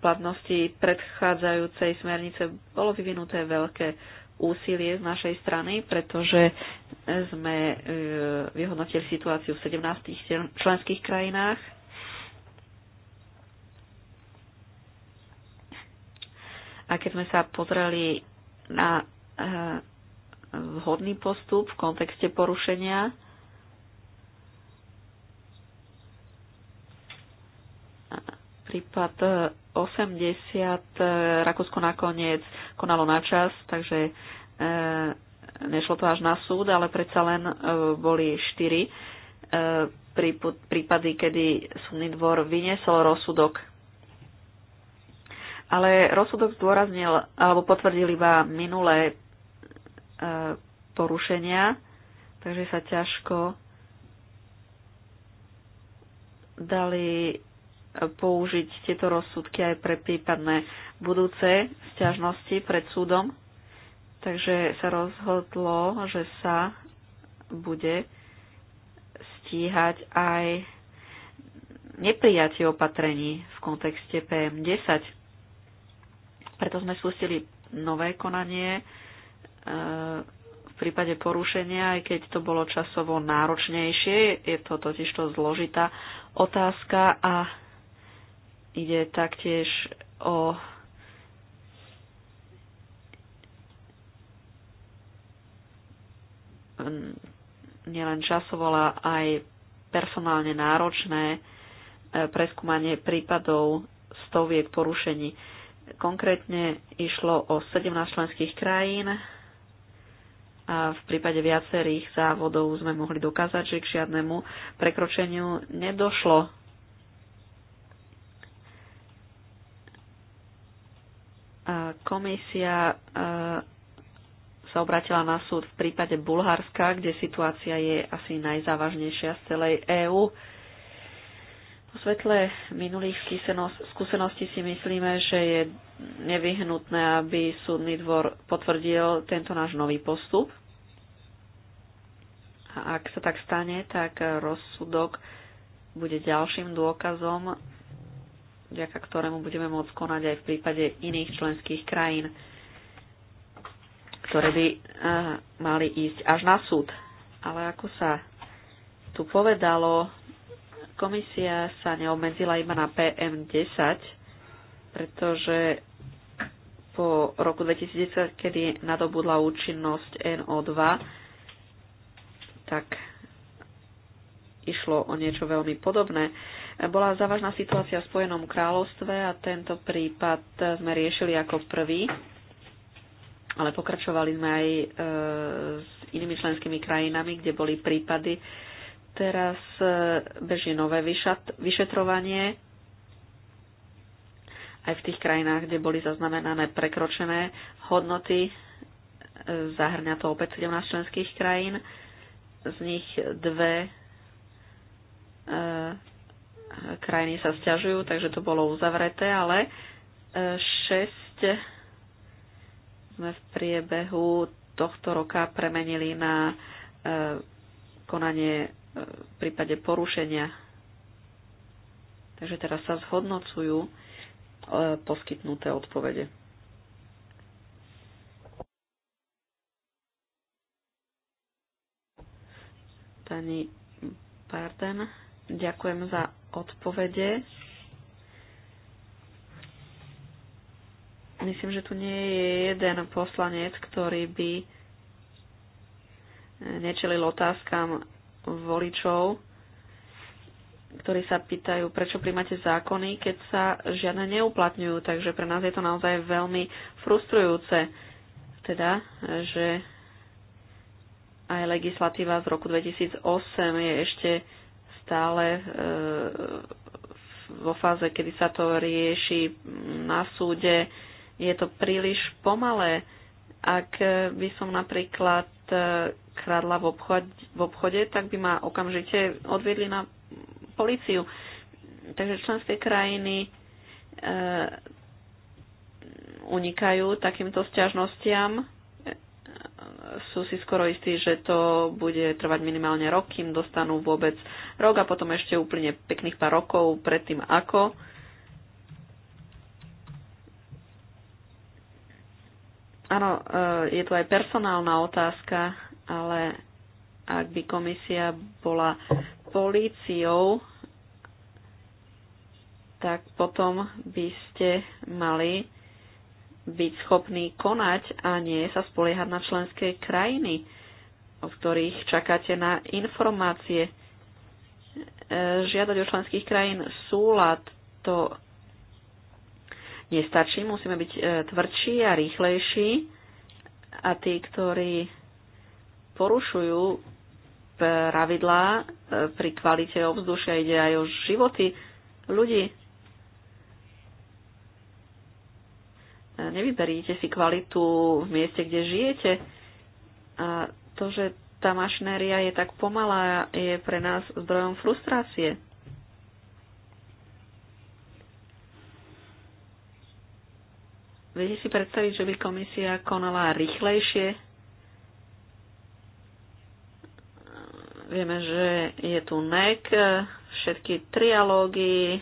platnosti predchádzajúcej smernice bolo vyvinuté veľké úsilie z našej strany, pretože sme e, vyhodnotili situáciu v 17 členských krajinách. A keď sme sa pozreli na e, vhodný postup v kontexte porušenia, prípad 80 e, e, Rakúsko nakoniec konalo na čas, takže e, nešlo to až na súd, ale predsa len boli 4 prípady, kedy súdny dvor vyniesol rozsudok. Ale rozsudok zdôraznil alebo potvrdil iba minulé porušenia, takže sa ťažko dali použiť tieto rozsudky aj pre prípadné budúce sťažnosti pred súdom. Takže sa rozhodlo, že sa bude stíhať aj neprijatie opatrení v kontexte PM10. Preto sme spustili nové konanie e, v prípade porušenia, aj keď to bolo časovo náročnejšie. Je to totiž to zložitá otázka a Ide taktiež o nielen časovo, ale aj personálne náročné e, preskúmanie prípadov stoviek porušení. Konkrétne išlo o 17 členských krajín a v prípade viacerých závodov sme mohli dokázať, že k žiadnemu prekročeniu nedošlo. Komisia e, sa obratila na súd v prípade Bulharska, kde situácia je asi najzávažnejšia z celej EÚ. Po svetle minulých skúseností si myslíme, že je nevyhnutné, aby súdny dvor potvrdil tento náš nový postup. A ak sa tak stane, tak rozsudok bude ďalším dôkazom vďaka ktorému budeme môcť konať aj v prípade iných členských krajín, ktoré by eh, mali ísť až na súd. Ale ako sa tu povedalo, komisia sa neobmedzila iba na PM10, pretože po roku 2010, kedy nadobudla účinnosť NO2, tak išlo o niečo veľmi podobné. Bola závažná situácia v Spojenom kráľovstve a tento prípad sme riešili ako prvý, ale pokračovali sme aj e, s inými členskými krajinami, kde boli prípady. Teraz e, beží nové vyšetrovanie aj v tých krajinách, kde boli zaznamenané prekročené hodnoty. E, zahrňa to opäť 17 členských krajín. Z nich dve krajiny sa stiažujú, takže to bolo uzavreté, ale 6 e, sme v priebehu tohto roka premenili na e, konanie e, v prípade porušenia. Takže teraz sa zhodnocujú poskytnuté odpovede. Pani Barden, ďakujem za odpovede. Myslím, že tu nie je jeden poslanec, ktorý by nečelil otázkam voličov, ktorí sa pýtajú, prečo príjmate zákony, keď sa žiadne neuplatňujú. Takže pre nás je to naozaj veľmi frustrujúce, teda, že aj legislatíva z roku 2008 je ešte stále e, vo fáze, kedy sa to rieši na súde, je to príliš pomalé. Ak e, by som napríklad e, kradla v obchode, v obchode tak by ma okamžite odviedli na policiu. Takže členské krajiny e, unikajú takýmto sťažnostiam sú si skoro istí, že to bude trvať minimálne rok, kým dostanú vôbec rok a potom ešte úplne pekných pár rokov predtým ako. Áno, e, je tu aj personálna otázka, ale ak by komisia bola políciou, tak potom by ste mali byť schopní konať a nie sa spoliehať na členské krajiny, od ktorých čakáte na informácie. E, žiadať o členských krajín súlad to nestačí, musíme byť e, tvrdší a rýchlejší a tí, ktorí porušujú pravidlá e, pri kvalite ovzdušia, ide aj o životy ľudí. nevyberíte si kvalitu v mieste, kde žijete. A to, že tá mašinéria je tak pomalá, je pre nás zdrojom frustrácie. Viete si predstaviť, že by komisia konala rýchlejšie? Vieme, že je tu NEC, všetky trialógy,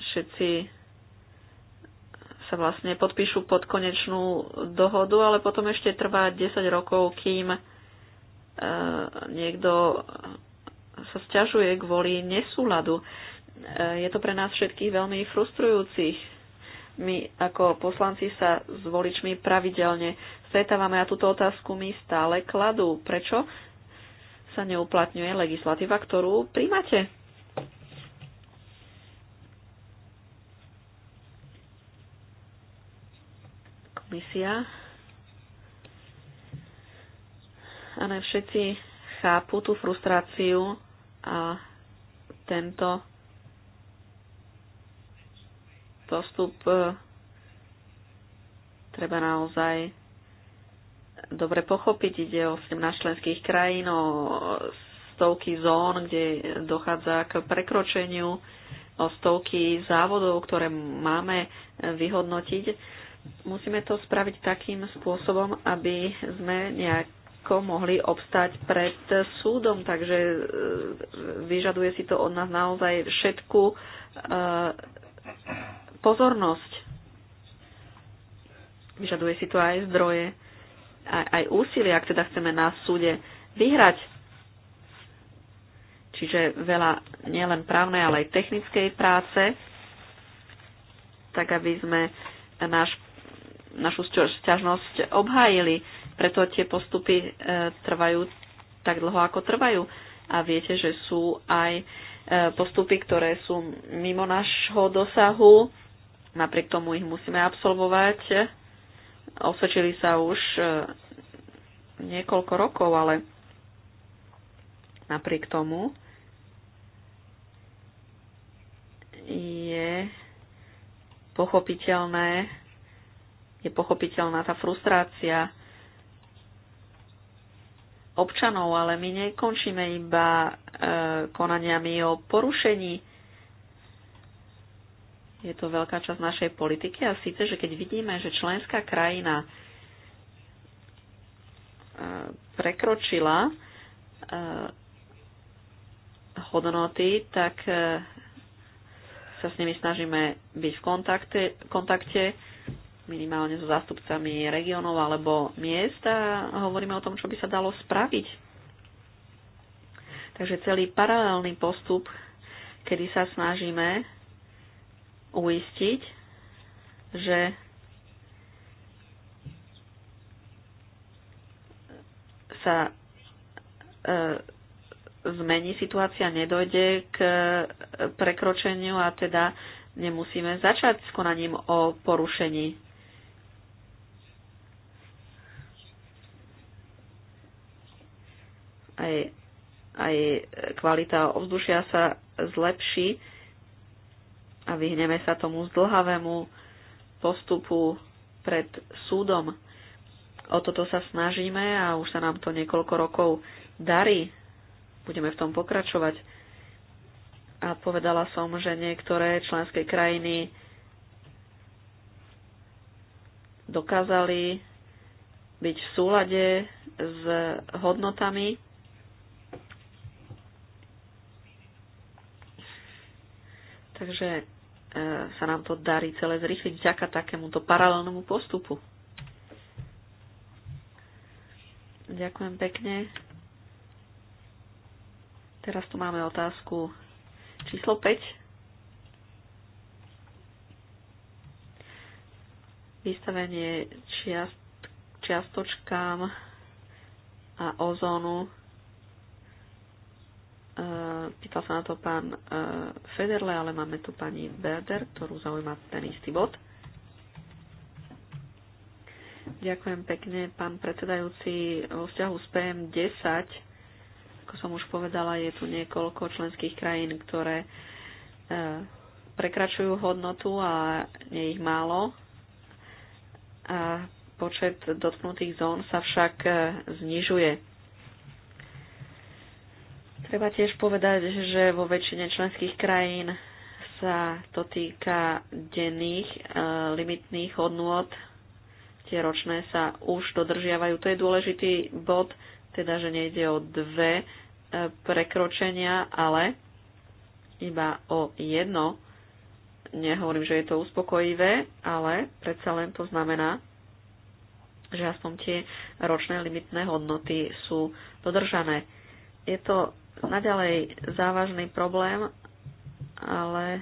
všetci sa vlastne podpíšu pod konečnú dohodu, ale potom ešte trvá 10 rokov, kým e, niekto sa sťažuje kvôli nesúladu. E, je to pre nás všetkých veľmi frustrujúcich my ako poslanci sa s voličmi pravidelne stretávame a túto otázku mi stále kladú. Prečo sa neuplatňuje legislatíva, ktorú príjmate? misia. A ne všetci chápu tú frustráciu a tento postup e, treba naozaj dobre pochopiť. Ide o 18 členských krajín, o stovky zón, kde dochádza k prekročeniu, o stovky závodov, ktoré máme vyhodnotiť musíme to spraviť takým spôsobom, aby sme nejako mohli obstať pred súdom. Takže e, vyžaduje si to od nás naozaj všetku e, pozornosť. Vyžaduje si to aj zdroje, aj, aj úsilie, ak teda chceme na súde vyhrať. Čiže veľa nielen právnej, ale aj technickej práce, tak aby sme náš našu sťažnosť obhájili. Preto tie postupy e, trvajú tak dlho, ako trvajú. A viete, že sú aj e, postupy, ktoré sú mimo nášho dosahu. Napriek tomu ich musíme absolvovať. Osvedčili sa už e, niekoľko rokov, ale napriek tomu je pochopiteľné, je pochopiteľná tá frustrácia občanov, ale my nekončíme iba e, konaniami o porušení. Je to veľká časť našej politiky a síce, že keď vidíme, že členská krajina e, prekročila e, hodnoty, tak e, sa s nimi snažíme byť v kontakte, kontakte minimálne so zástupcami regionov alebo miest a hovoríme o tom, čo by sa dalo spraviť. Takže celý paralelný postup, kedy sa snažíme uistiť, že sa e, zmení situácia, nedojde k prekročeniu a teda nemusíme začať s konaním o porušení. aj, aj kvalita ovzdušia sa zlepší a vyhneme sa tomu zdlhavému postupu pred súdom. O toto sa snažíme a už sa nám to niekoľko rokov darí. Budeme v tom pokračovať. A povedala som, že niektoré členské krajiny dokázali byť v súlade s hodnotami Takže e, sa nám to darí celé zrýchliť vďaka takémuto paralelnému postupu. Ďakujem pekne. Teraz tu máme otázku číslo 5. Vystavenie čiast, čiastočkám a ozónu E, pýtal sa na to pán e, Federle, ale máme tu pani Berder, ktorú zaujíma ten istý bod. Ďakujem pekne, pán predsedajúci. Vo vzťahu s PM10, ako som už povedala, je tu niekoľko členských krajín, ktoré e, prekračujú hodnotu a nie ich málo. A počet dotknutých zón sa však znižuje. Treba tiež povedať, že vo väčšine členských krajín sa to týka denných e, limitných hodnôt. Tie ročné sa už dodržiavajú. To je dôležitý bod, teda že nejde o dve e, prekročenia, ale iba o jedno. Nehovorím, že je to uspokojivé, ale predsa len to znamená, že aspoň tie ročné limitné hodnoty sú dodržané. Je to naďalej závažný problém, ale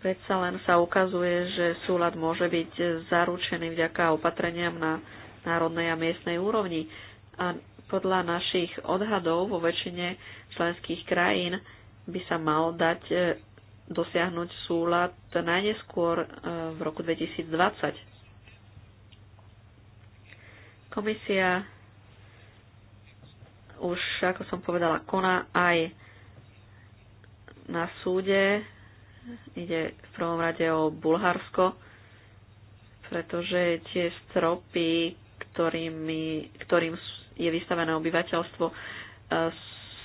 predsa len sa ukazuje, že súlad môže byť zaručený vďaka opatreniam na národnej a miestnej úrovni. A podľa našich odhadov vo väčšine členských krajín by sa mal dať e, dosiahnuť súlad najneskôr e, v roku 2020. Komisia už, ako som povedala, koná aj na súde. Ide v prvom rade o Bulharsko, pretože tie stropy, ktorými, ktorým je vystavené obyvateľstvo, e,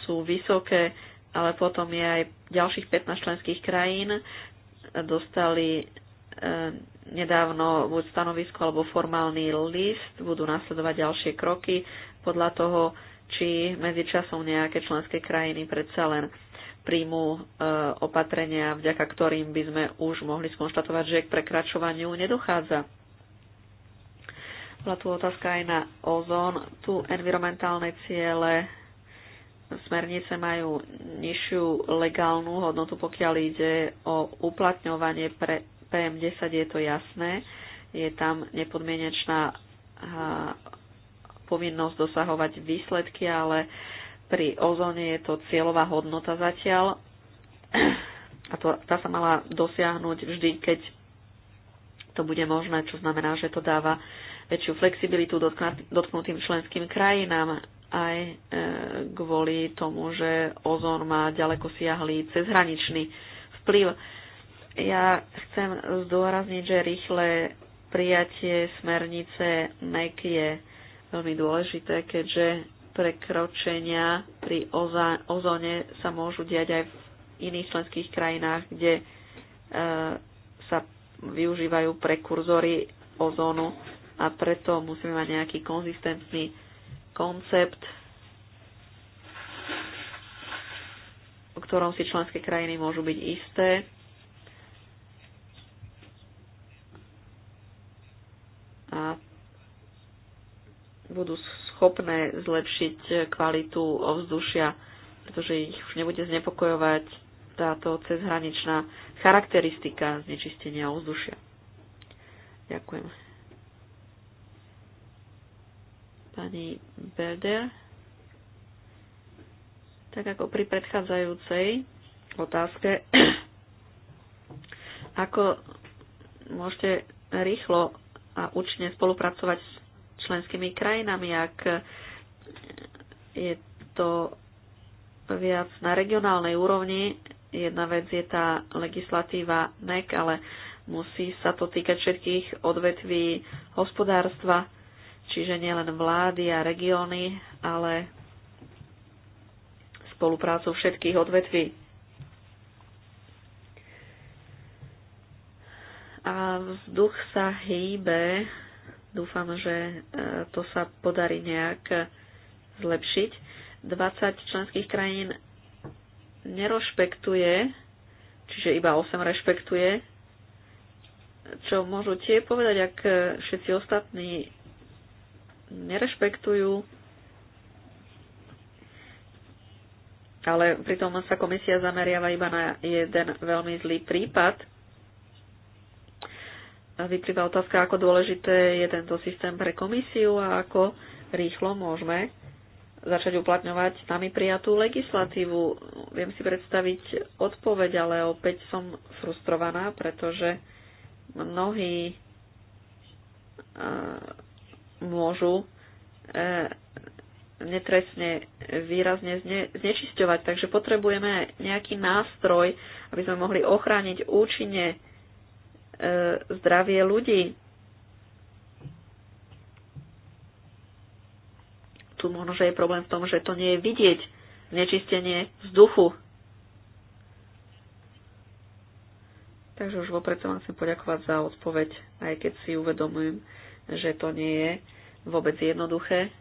sú vysoké, ale potom je aj ďalších 15 členských krajín dostali e, nedávno buď stanovisko alebo formálny list, budú nasledovať ďalšie kroky. Podľa toho, či medzičasom nejaké členské krajiny predsa len príjmu e, opatrenia, vďaka ktorým by sme už mohli skonštatovať, že k prekračovaniu nedochádza. Bola tu otázka aj na ozón. Tu environmentálne ciele smernice majú nižšiu legálnu hodnotu, pokiaľ ide o uplatňovanie pre PM10, je to jasné. Je tam nepodmienečná povinnosť dosahovať výsledky, ale pri ozóne je to cieľová hodnota zatiaľ a to, tá sa mala dosiahnuť vždy, keď to bude možné, čo znamená, že to dáva väčšiu flexibilitu dotknutým členským krajinám aj e, kvôli tomu, že ozón má ďaleko siahlý cezhraničný vplyv. Ja chcem zdôrazniť, že rýchle prijatie smernice NEC je veľmi dôležité, keďže prekročenia pri ozóne sa môžu diať aj v iných členských krajinách, kde e, sa využívajú prekurzory ozónu a preto musíme mať nejaký konzistentný koncept, o ktorom si členské krajiny môžu byť isté. A budú schopné zlepšiť kvalitu ovzdušia, pretože ich už nebude znepokojovať táto cezhraničná charakteristika znečistenia ovzdušia. Ďakujem. Pani Berder. Tak ako pri predchádzajúcej otázke, ako môžete rýchlo a účinne spolupracovať s členskými krajinami, ak je to viac na regionálnej úrovni. Jedna vec je tá legislatíva NEC, ale musí sa to týkať všetkých odvetví hospodárstva, čiže nielen vlády a regióny, ale spoluprácu všetkých odvetví. A vzduch sa hýbe Dúfam, že e, to sa podarí nejak e, zlepšiť. 20 členských krajín nerošpektuje, čiže iba 8 rešpektuje, čo môžu tie povedať, ak e, všetci ostatní nerešpektujú, ale pritom sa komisia zameriava iba na jeden veľmi zlý prípad vyplýva otázka, ako dôležité je tento systém pre komisiu a ako rýchlo môžeme začať uplatňovať nami prijatú legislatívu. Viem si predstaviť odpoveď, ale opäť som frustrovaná, pretože mnohí eh, môžu eh, netresne výrazne zne, znečisťovať. Takže potrebujeme nejaký nástroj, aby sme mohli ochrániť účinne E, zdravie ľudí. Tu možno, že je problém v tom, že to nie je vidieť nečistenie vzduchu. Takže už vopred sa vám chcem poďakovať za odpoveď, aj keď si uvedomujem, že to nie je vôbec jednoduché.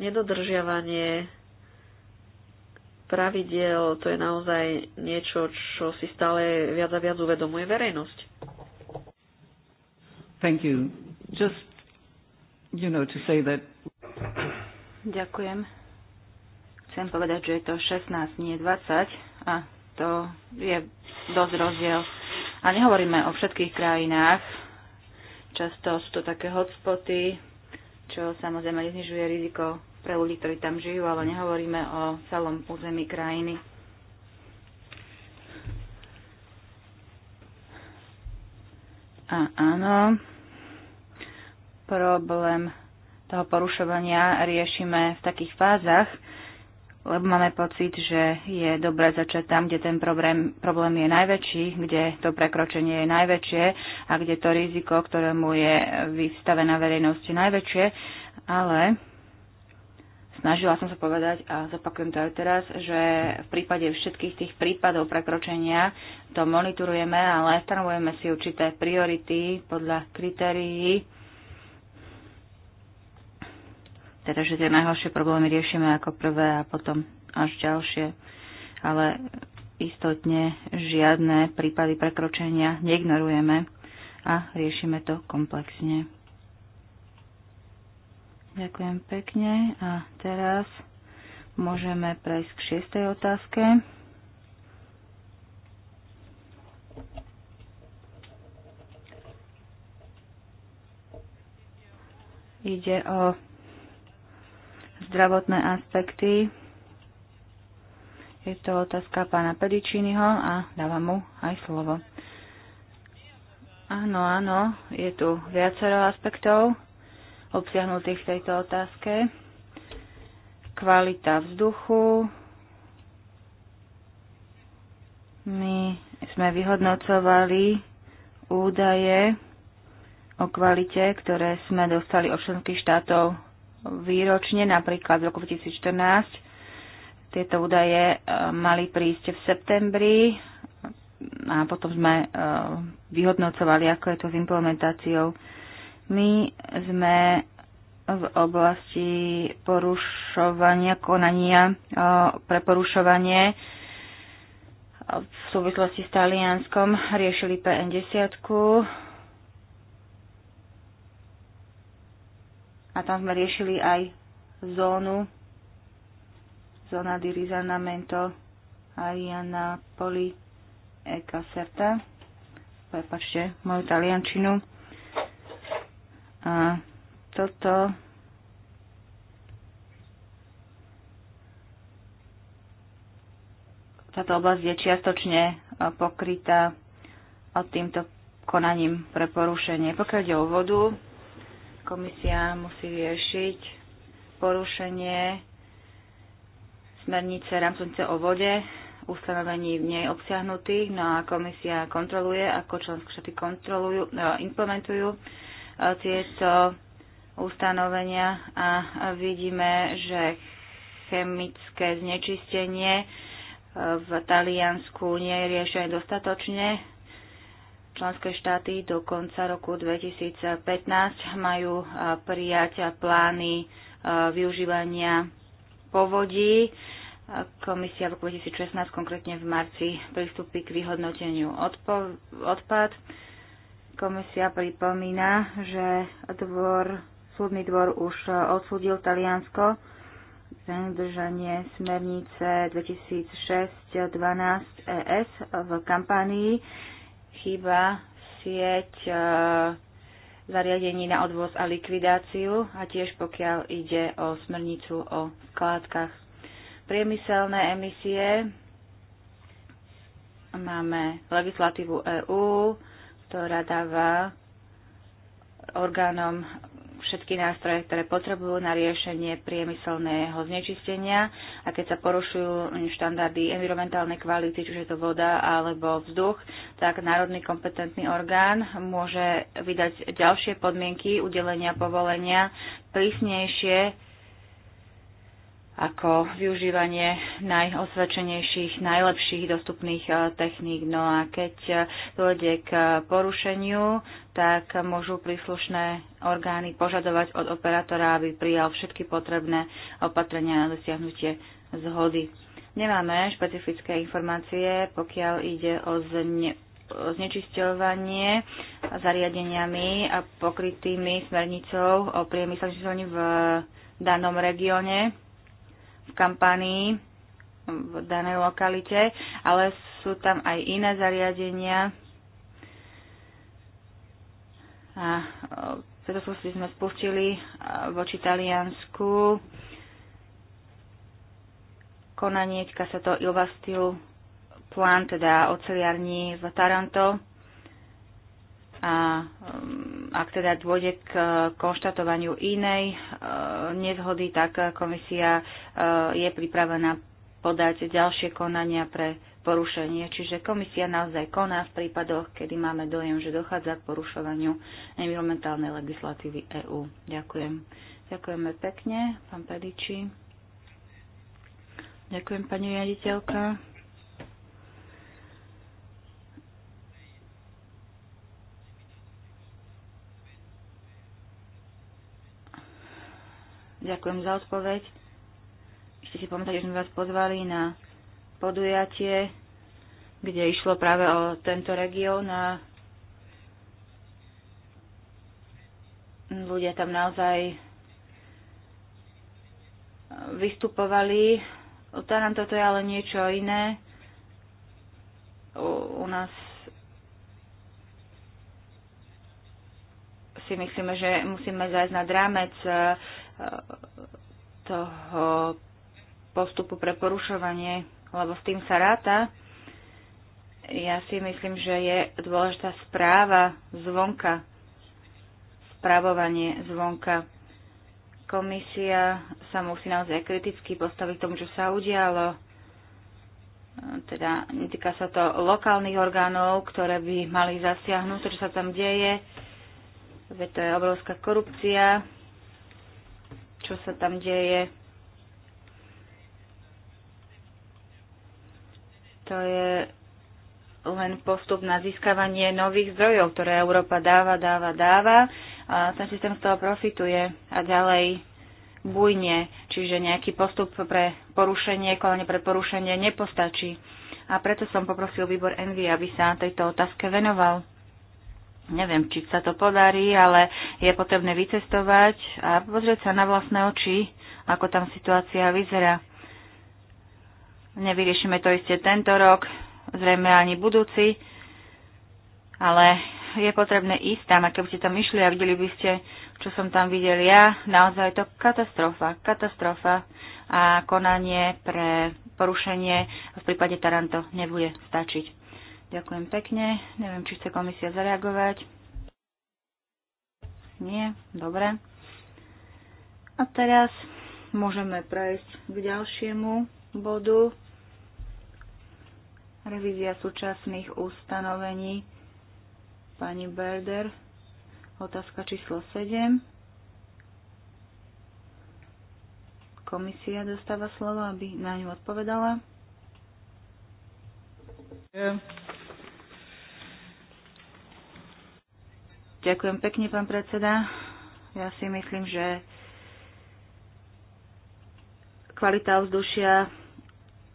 Nedodržiavanie pravidiel, to je naozaj niečo, čo si stále viac a viac uvedomuje verejnosť. Thank you. Just, you know, to say that... Ďakujem. Chcem povedať, že je to 16, nie 20 a to je dosť rozdiel. A nehovoríme o všetkých krajinách. Často sú to také hotspoty, čo samozrejme neznižuje riziko pre ľudí, ktorí tam žijú, ale nehovoríme o celom území krajiny. A áno, problém toho porušovania riešime v takých fázach, lebo máme pocit, že je dobré začať tam, kde ten problém, problém je najväčší, kde to prekročenie je najväčšie a kde to riziko, ktorému je vystavená verejnosť, je najväčšie. Ale Snažila som sa povedať a zopakujem to aj teraz, že v prípade všetkých tých prípadov prekročenia to monitorujeme, ale stanovujeme si určité priority podľa kritérií, teda že tie najhoršie problémy riešime ako prvé a potom až ďalšie. Ale istotne žiadne prípady prekročenia neignorujeme a riešime to komplexne. Ďakujem pekne. A teraz môžeme prejsť k šiestej otázke. Ide o zdravotné aspekty. Je to otázka pána Pedičínyho a dávam mu aj slovo. Áno, áno, je tu viacero aspektov obsiahnutých v tejto otázke. Kvalita vzduchu. My sme vyhodnocovali údaje o kvalite, ktoré sme dostali od členských štátov výročne, napríklad v roku 2014 tieto údaje e, mali prísť v septembri a potom sme e, vyhodnocovali, ako je to s implementáciou my sme v oblasti porušovania, konania pre porušovanie v súvislosti s Talianskom riešili PN10 a tam sme riešili aj zónu zóna di risanamento Ariana Poli e Caserta prepačte moju taliančinu a toto táto oblasť je čiastočne e, pokrytá od týmto konaním pre porušenie. Pokiaľ ide o vodu, komisia musí riešiť porušenie smernice rámcovnice o vode, ustanovení v nej obsiahnutých, no a komisia kontroluje, ako členské štáty kontrolujú, e, implementujú tieto ustanovenia a vidíme, že chemické znečistenie v Taliansku nie je riešené dostatočne. Členské štáty do konca roku 2015 majú prijať plány využívania povodí. Komisia v roku 2016, konkrétne v marci, pristúpi k vyhodnoteniu odpad Komisia pripomína, že dvor, súdny dvor už odsúdil Taliansko za nedržanie smernice 2006-12-ES e v kampanii. Chýba sieť e, zariadení na odvoz a likvidáciu a tiež pokiaľ ide o smernicu o skládkach. Priemyselné emisie máme legislatívu EÚ, ktorá dáva orgánom všetky nástroje, ktoré potrebujú na riešenie priemyselného znečistenia a keď sa porušujú štandardy environmentálnej kvality, čiže to voda alebo vzduch, tak národný kompetentný orgán môže vydať ďalšie podmienky udelenia povolenia prísnejšie ako využívanie najosvedčenejších, najlepších dostupných e, techník. No a keď e, dojde k porušeniu, tak môžu príslušné orgány požadovať od operátora, aby prijal všetky potrebné opatrenia na dosiahnutie zhody. Nemáme špecifické informácie, pokiaľ ide o zne znečisťovanie zariadeniami a pokrytými smernicou o priemyselnom v danom regióne v kampanii v danej lokalite, ale sú tam aj iné zariadenia. A e, v tejto súvislosti sme spustili e, voči Taliansku konanie, týka sa to Ilvastil plán, teda oceliarní v Taranto. A um, ak teda dôjde k e, konštatovaniu inej e, nezhody, tak komisia e, je pripravená podať ďalšie konania pre porušenie. Čiže komisia naozaj koná v prípadoch, kedy máme dojem, že dochádza k porušovaniu environmentálnej legislatívy EÚ. Ďakujem. Ďakujeme pekne, pán Pediči. Ďakujem, pani riaditeľka. Ďakujem za odpoveď. Ešte si pamätáte, že sme vás pozvali na podujatie, kde išlo práve o tento región a ľudia tam naozaj vystupovali. Tá nám toto je ale niečo iné. U, u nás si myslíme, že musíme zajsť na rámec toho postupu pre porušovanie, lebo s tým sa ráta. Ja si myslím, že je dôležitá správa zvonka, správovanie zvonka. Komisia sa musí naozaj kriticky postaviť k tomu, čo sa udialo. Teda netýka sa to lokálnych orgánov, ktoré by mali zasiahnuť to, čo sa tam deje. Veď to je obrovská korupcia, čo sa tam deje. To je len postup na získavanie nových zdrojov, ktoré Európa dáva, dáva, dáva a ten systém z toho profituje a ďalej bujne, čiže nejaký postup pre porušenie, kolene pre porušenie nepostačí. A preto som poprosil výbor Envy, aby sa tejto otázke venoval. Neviem, či sa to podarí, ale je potrebné vycestovať a pozrieť sa na vlastné oči, ako tam situácia vyzerá. Nevyriešime to iste tento rok, zrejme ani budúci, ale je potrebné ísť tam a keby ste tam išli a videli by ste, čo som tam videl ja, naozaj to katastrofa, katastrofa a konanie pre porušenie v prípade Taranto nebude stačiť. Ďakujem pekne. Neviem, či chce komisia zareagovať. Nie? Dobre. A teraz môžeme prejsť k ďalšiemu bodu. Revízia súčasných ustanovení. Pani Berder, otázka číslo 7. Komisia dostáva slovo, aby na ňu odpovedala. Yeah. Ďakujem pekne, pán predseda. Ja si myslím, že kvalita vzdušia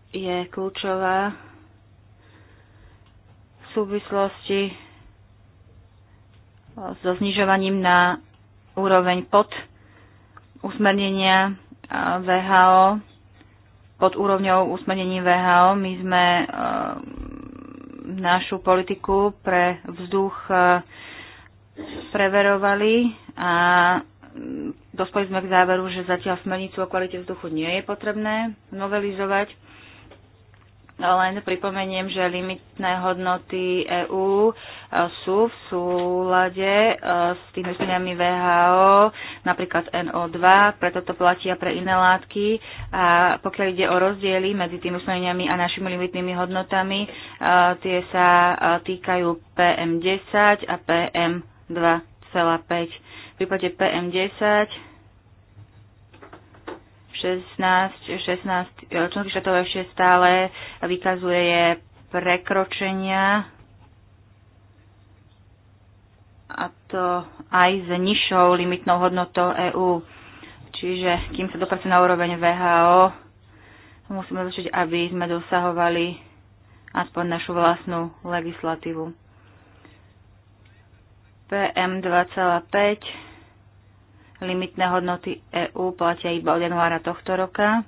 je kľúčová v súvislosti so znižovaním na úroveň pod usmernenia VHO, pod úrovňou usmernení VHO. My sme našu politiku pre vzduch preverovali a dospeli sme k záveru, že zatiaľ smernicu o kvalite vzduchu nie je potrebné novelizovať. Len pripomeniem, že limitné hodnoty EÚ e, sú v súlade e, s tými staniami VHO, napríklad NO2, preto to platia pre iné látky. A pokiaľ ide o rozdiely medzi tými staniami a našimi limitnými hodnotami, e, tie sa týkajú PM10 a PM 2,5. V prípade PM10 16, 16 členských štátov ešte stále vykazuje prekročenia a to aj s nižšou limitnou hodnotou EÚ. Čiže kým sa dopracuje na úroveň VHO, musíme začať, aby sme dosahovali aspoň našu vlastnú legislatívu. PM 2,5 limitné hodnoty EU platia iba od januára tohto roka,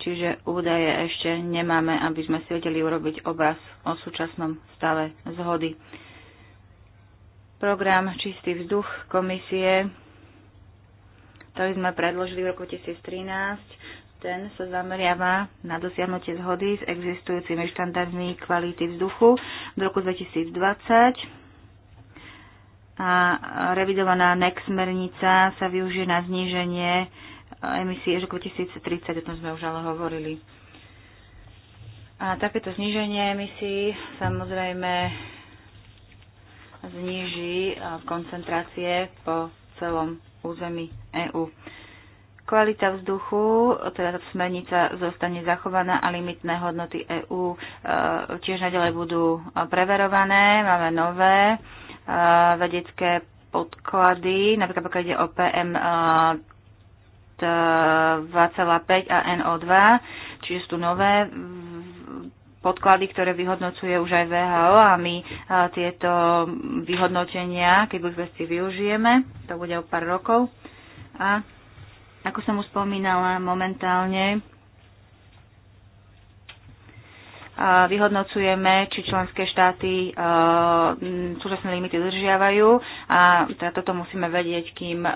čiže údaje ešte nemáme, aby sme si vedeli urobiť obraz o súčasnom stave zhody. Program Čistý vzduch komisie, ktorý sme predložili v roku 2013, ten sa zameriava na dosiahnutie zhody s existujúcimi štandardmi kvality vzduchu do roku 2020 a revidovaná NEC smernica sa využije na zníženie eh, emisí roku 2030, o tom sme už ale hovorili. A takéto zníženie emisí samozrejme zníži eh, koncentrácie po celom území EÚ. Kvalita vzduchu, teda tá smernica zostane zachovaná a limitné hodnoty EÚ eh, tiež naďalej budú preverované. Máme nové vedecké podklady, napríklad pokiaľ ide o PM 2,5 a NO2, čiže sú tu nové podklady, ktoré vyhodnocuje už aj VHO a my tieto vyhodnotenia, keď už veci využijeme, to bude o pár rokov. A ako som už spomínala, momentálne vyhodnocujeme, či členské štáty e, súčasné limity dodržiavajú a teda toto musíme vedieť, kým e,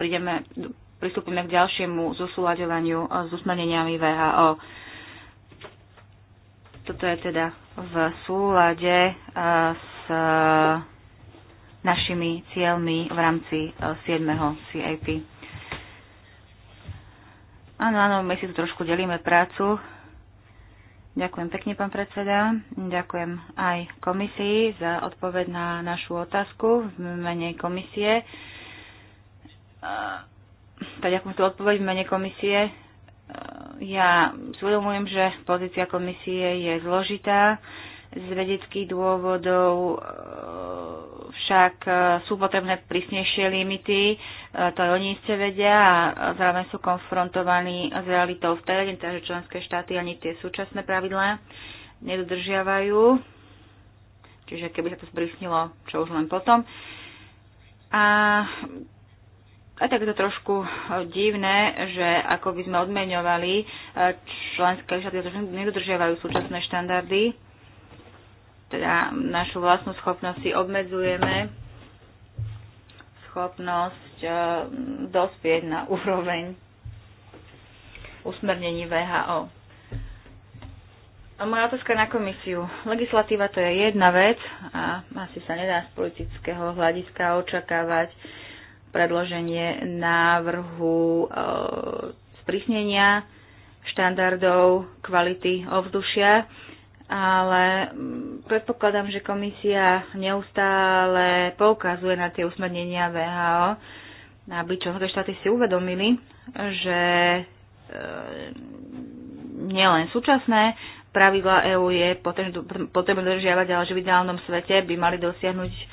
prídeme, pristúpime k ďalšiemu zosúľaďovaniu e, s usmerneniami VHO. Toto je teda v súlade s našimi cieľmi v rámci 7. CAP. Áno, áno, my si tu trošku delíme prácu Ďakujem pekne, pán predseda. Ďakujem aj komisii za odpoveď na našu otázku v mene komisie. Tak ďakujem za odpoveď v mene komisie. Ja uvedomujem, že pozícia komisie je zložitá z vedeckých dôvodov, však sú potrebné prísnejšie limity E, to aj oni ste vedia a zároveň sú konfrontovaní s realitou v teréne, takže členské štáty ani tie súčasné pravidlá nedodržiavajú. Čiže keby sa to sprísnilo, čo už len potom. A a tak je to trošku divné, že ako by sme odmeňovali e, členské štáty, ktoré nedodržiavajú súčasné štandardy, teda našu vlastnú schopnosť si obmedzujeme schopnosť eh, dospieť na úroveň usmernení VHO. A moja otázka na komisiu. Legislatíva to je jedna vec a asi sa nedá z politického hľadiska očakávať predloženie návrhu uh, sprísnenia štandardov kvality ovzdušia ale mm, predpokladám, že komisia neustále poukazuje na tie usmernenia VHO, aby členské štáty si uvedomili, že e, nielen súčasné pravidla EÚ je potrebné dodržiavať, ale že v ideálnom svete by mali dosiahnuť e,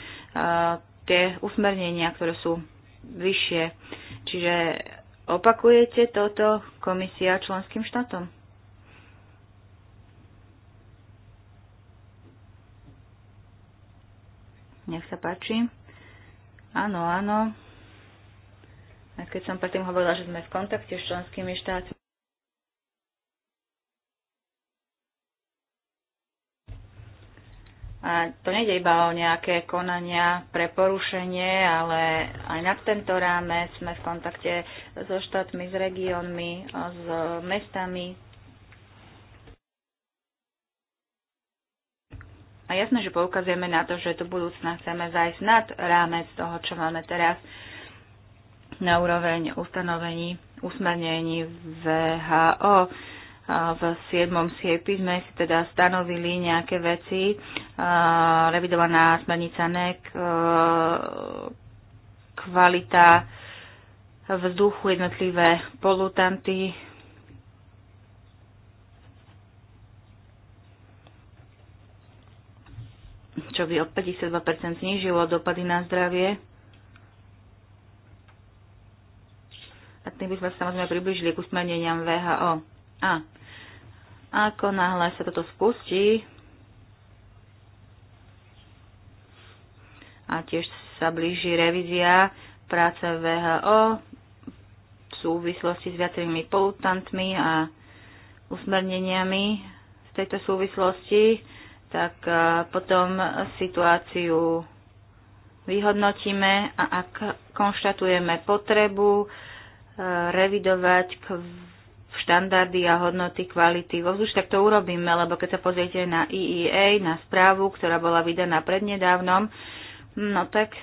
tie usmernenia, ktoré sú vyššie. Čiže opakujete toto komisia členským štátom? Nech sa páči. Áno, áno. A keď som predtým hovorila, že sme v kontakte s členskými štátmi, A to nejde iba o nejaké konania pre porušenie, ale aj nad tento rámec sme v kontakte so štátmi, s regiónmi, s mestami, A jasné, že poukazujeme na to, že do budúcna chceme zajsť nad rámec toho, čo máme teraz na úroveň ustanovení, usmernení VHO. V 7. SIEPI sme si teda stanovili nejaké veci. Revidovaná smernica NEC, e, kvalita vzduchu, jednotlivé polutanty, čo by o 52% znížilo dopady na zdravie. A tým by sme samozrejme približili k usmerneniam VHO. A ako náhle sa toto spustí, a tiež sa blíži revízia práce VHO v súvislosti s viacerými polutantmi a usmerneniami z tejto súvislosti, tak e, potom situáciu vyhodnotíme a ak konštatujeme potrebu e, revidovať štandardy a hodnoty kvality vo tak to urobíme, lebo keď sa pozriete na EEA, na správu, ktorá bola vydaná prednedávnom, no tak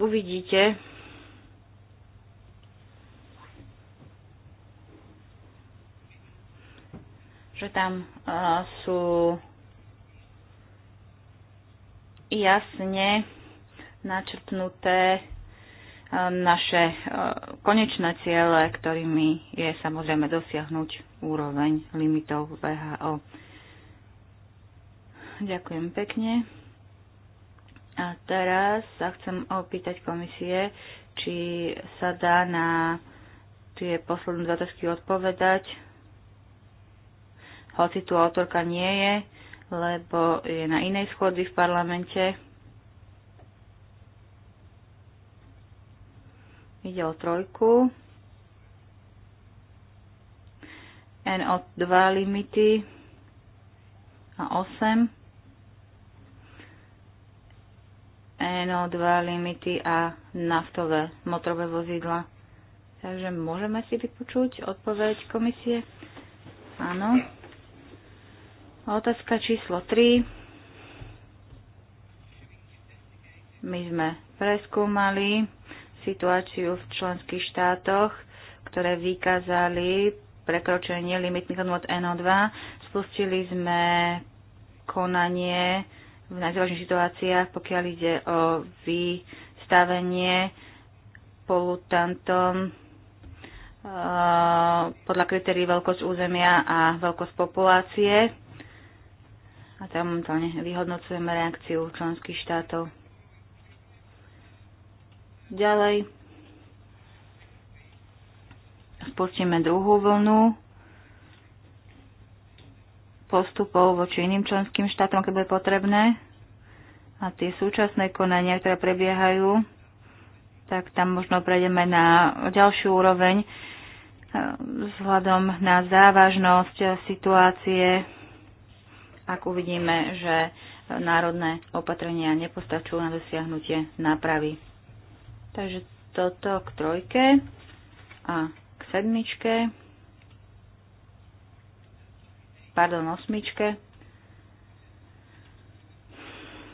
uvidíte, že tam sú jasne načrtnuté naše konečné ciele, ktorými je samozrejme dosiahnuť úroveň limitov VHO. Ďakujem pekne. A teraz sa chcem opýtať komisie, či sa dá na tie posledné otázky odpovedať hoci tu autorka nie je, lebo je na inej schôdzi v parlamente. Ide o trojku. no dva limity a 8. NO2 limity a naftové motorové vozidla. Takže môžeme si vypočuť odpoveď komisie? Áno. Otázka číslo 3. My sme preskúmali situáciu v členských štátoch, ktoré vykázali prekročenie limitných hodnot NO2. Spustili sme konanie v najzávažnejších situáciách, pokiaľ ide o vystavenie polutantom e, podľa kritérií veľkosť územia a veľkosť populácie a tam momentálne vyhodnocujeme reakciu členských štátov. Ďalej spustíme druhú vlnu postupov voči iným členským štátom, keď bude potrebné. A tie súčasné konania, ktoré prebiehajú, tak tam možno prejdeme na ďalšiu úroveň vzhľadom na závažnosť situácie ak uvidíme, že národné opatrenia nepostačujú na dosiahnutie nápravy. Takže toto k trojke a k sedmičke, pardon, osmičke,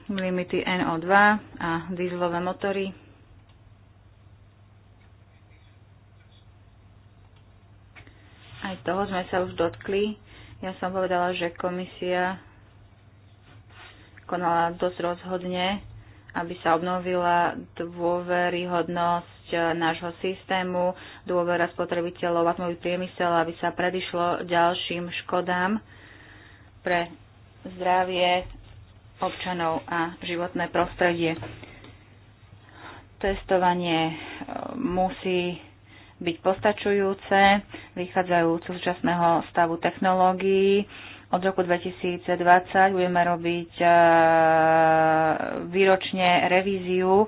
limity NO2 a dieselové motory. Aj toho sme sa už dotkli ja som povedala, že komisia konala dosť rozhodne, aby sa obnovila dôveryhodnosť nášho systému, dôvera spotrebiteľov, atmový priemysel, aby sa predišlo ďalším škodám pre zdravie občanov a životné prostredie. Testovanie eh, musí byť postačujúce, vychádzajú z súčasného stavu technológií. Od roku 2020 budeme robiť e, výročne revíziu e,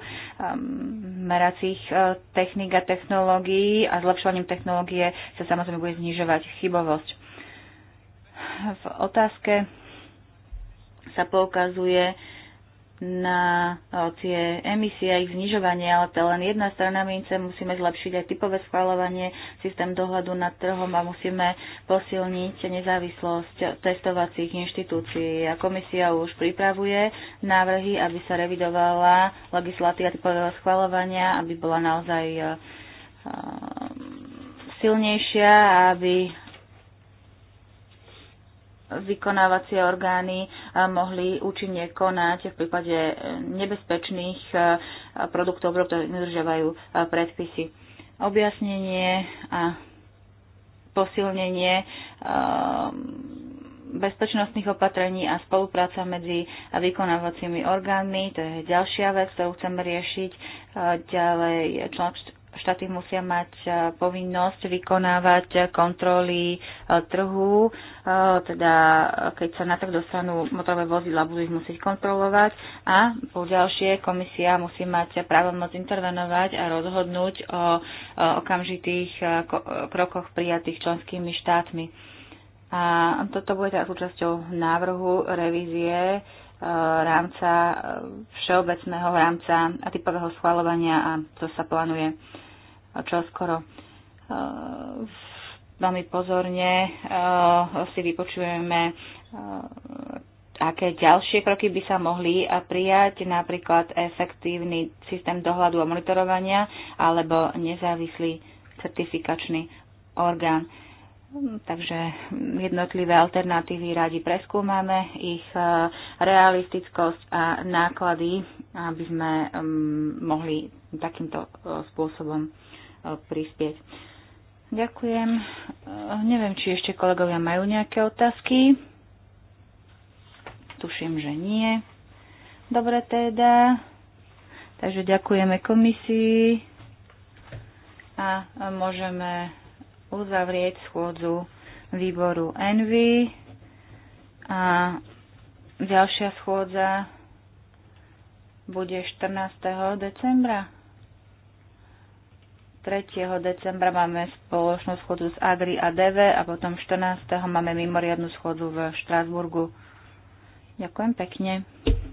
meracích e, techník a technológií a zlepšovaním technológie sa samozrejme bude znižovať chybovosť. V otázke sa poukazuje, na e, tie emisie a ich znižovanie, ale to je len jedna strana mince. Musíme zlepšiť aj typové schváľovanie, systém dohľadu nad trhom a musíme posilniť nezávislosť testovacích inštitúcií. A komisia už pripravuje návrhy, aby sa revidovala legislatíva typového schváľovania, aby bola naozaj e, e, silnejšia a aby vykonávacie orgány e, mohli účinne konať v prípade e, nebezpečných e, produktov, ktoré nedržiavajú predpisy. Objasnenie a posilnenie bezpečnostných opatrení a spolupráca medzi vykonávacími orgánmi, to je ďalšia vec, ktorú chceme riešiť. Ďalej článok štáty musia mať e, povinnosť vykonávať kontroly e, trhu, e, teda keď sa na trh dostanú motorové vozidla, budú ich musieť kontrolovať a po ďalšie komisia musí mať právomoc intervenovať a rozhodnúť o okamžitých krokoch prijatých členskými štátmi. A toto bude teda súčasťou návrhu revízie rámca, všeobecného rámca a typového schvalovania a to sa plánuje čo skoro. Veľmi pozorne eh, si vypočujeme, eh, aké ďalšie kroky by sa mohli prijať, napríklad efektívny systém dohľadu a monitorovania alebo nezávislý certifikačný orgán. Takže jednotlivé alternatívy radi preskúmame, ich e, realistickosť a náklady, aby sme mohli takýmto e, spôsobom e, prispieť. Ďakujem. Neviem, či ešte kolegovia majú nejaké otázky. Tuším, že nie. Dobre teda. Takže ďakujeme komisii a môžeme uzavrieť schôdzu výboru Envy a ďalšia schôdza bude 14. decembra. 3. decembra máme spoločnú schodu s Agri a DV a potom 14. máme mimoriadnu schodu v Štrásburgu. Ďakujem pekne.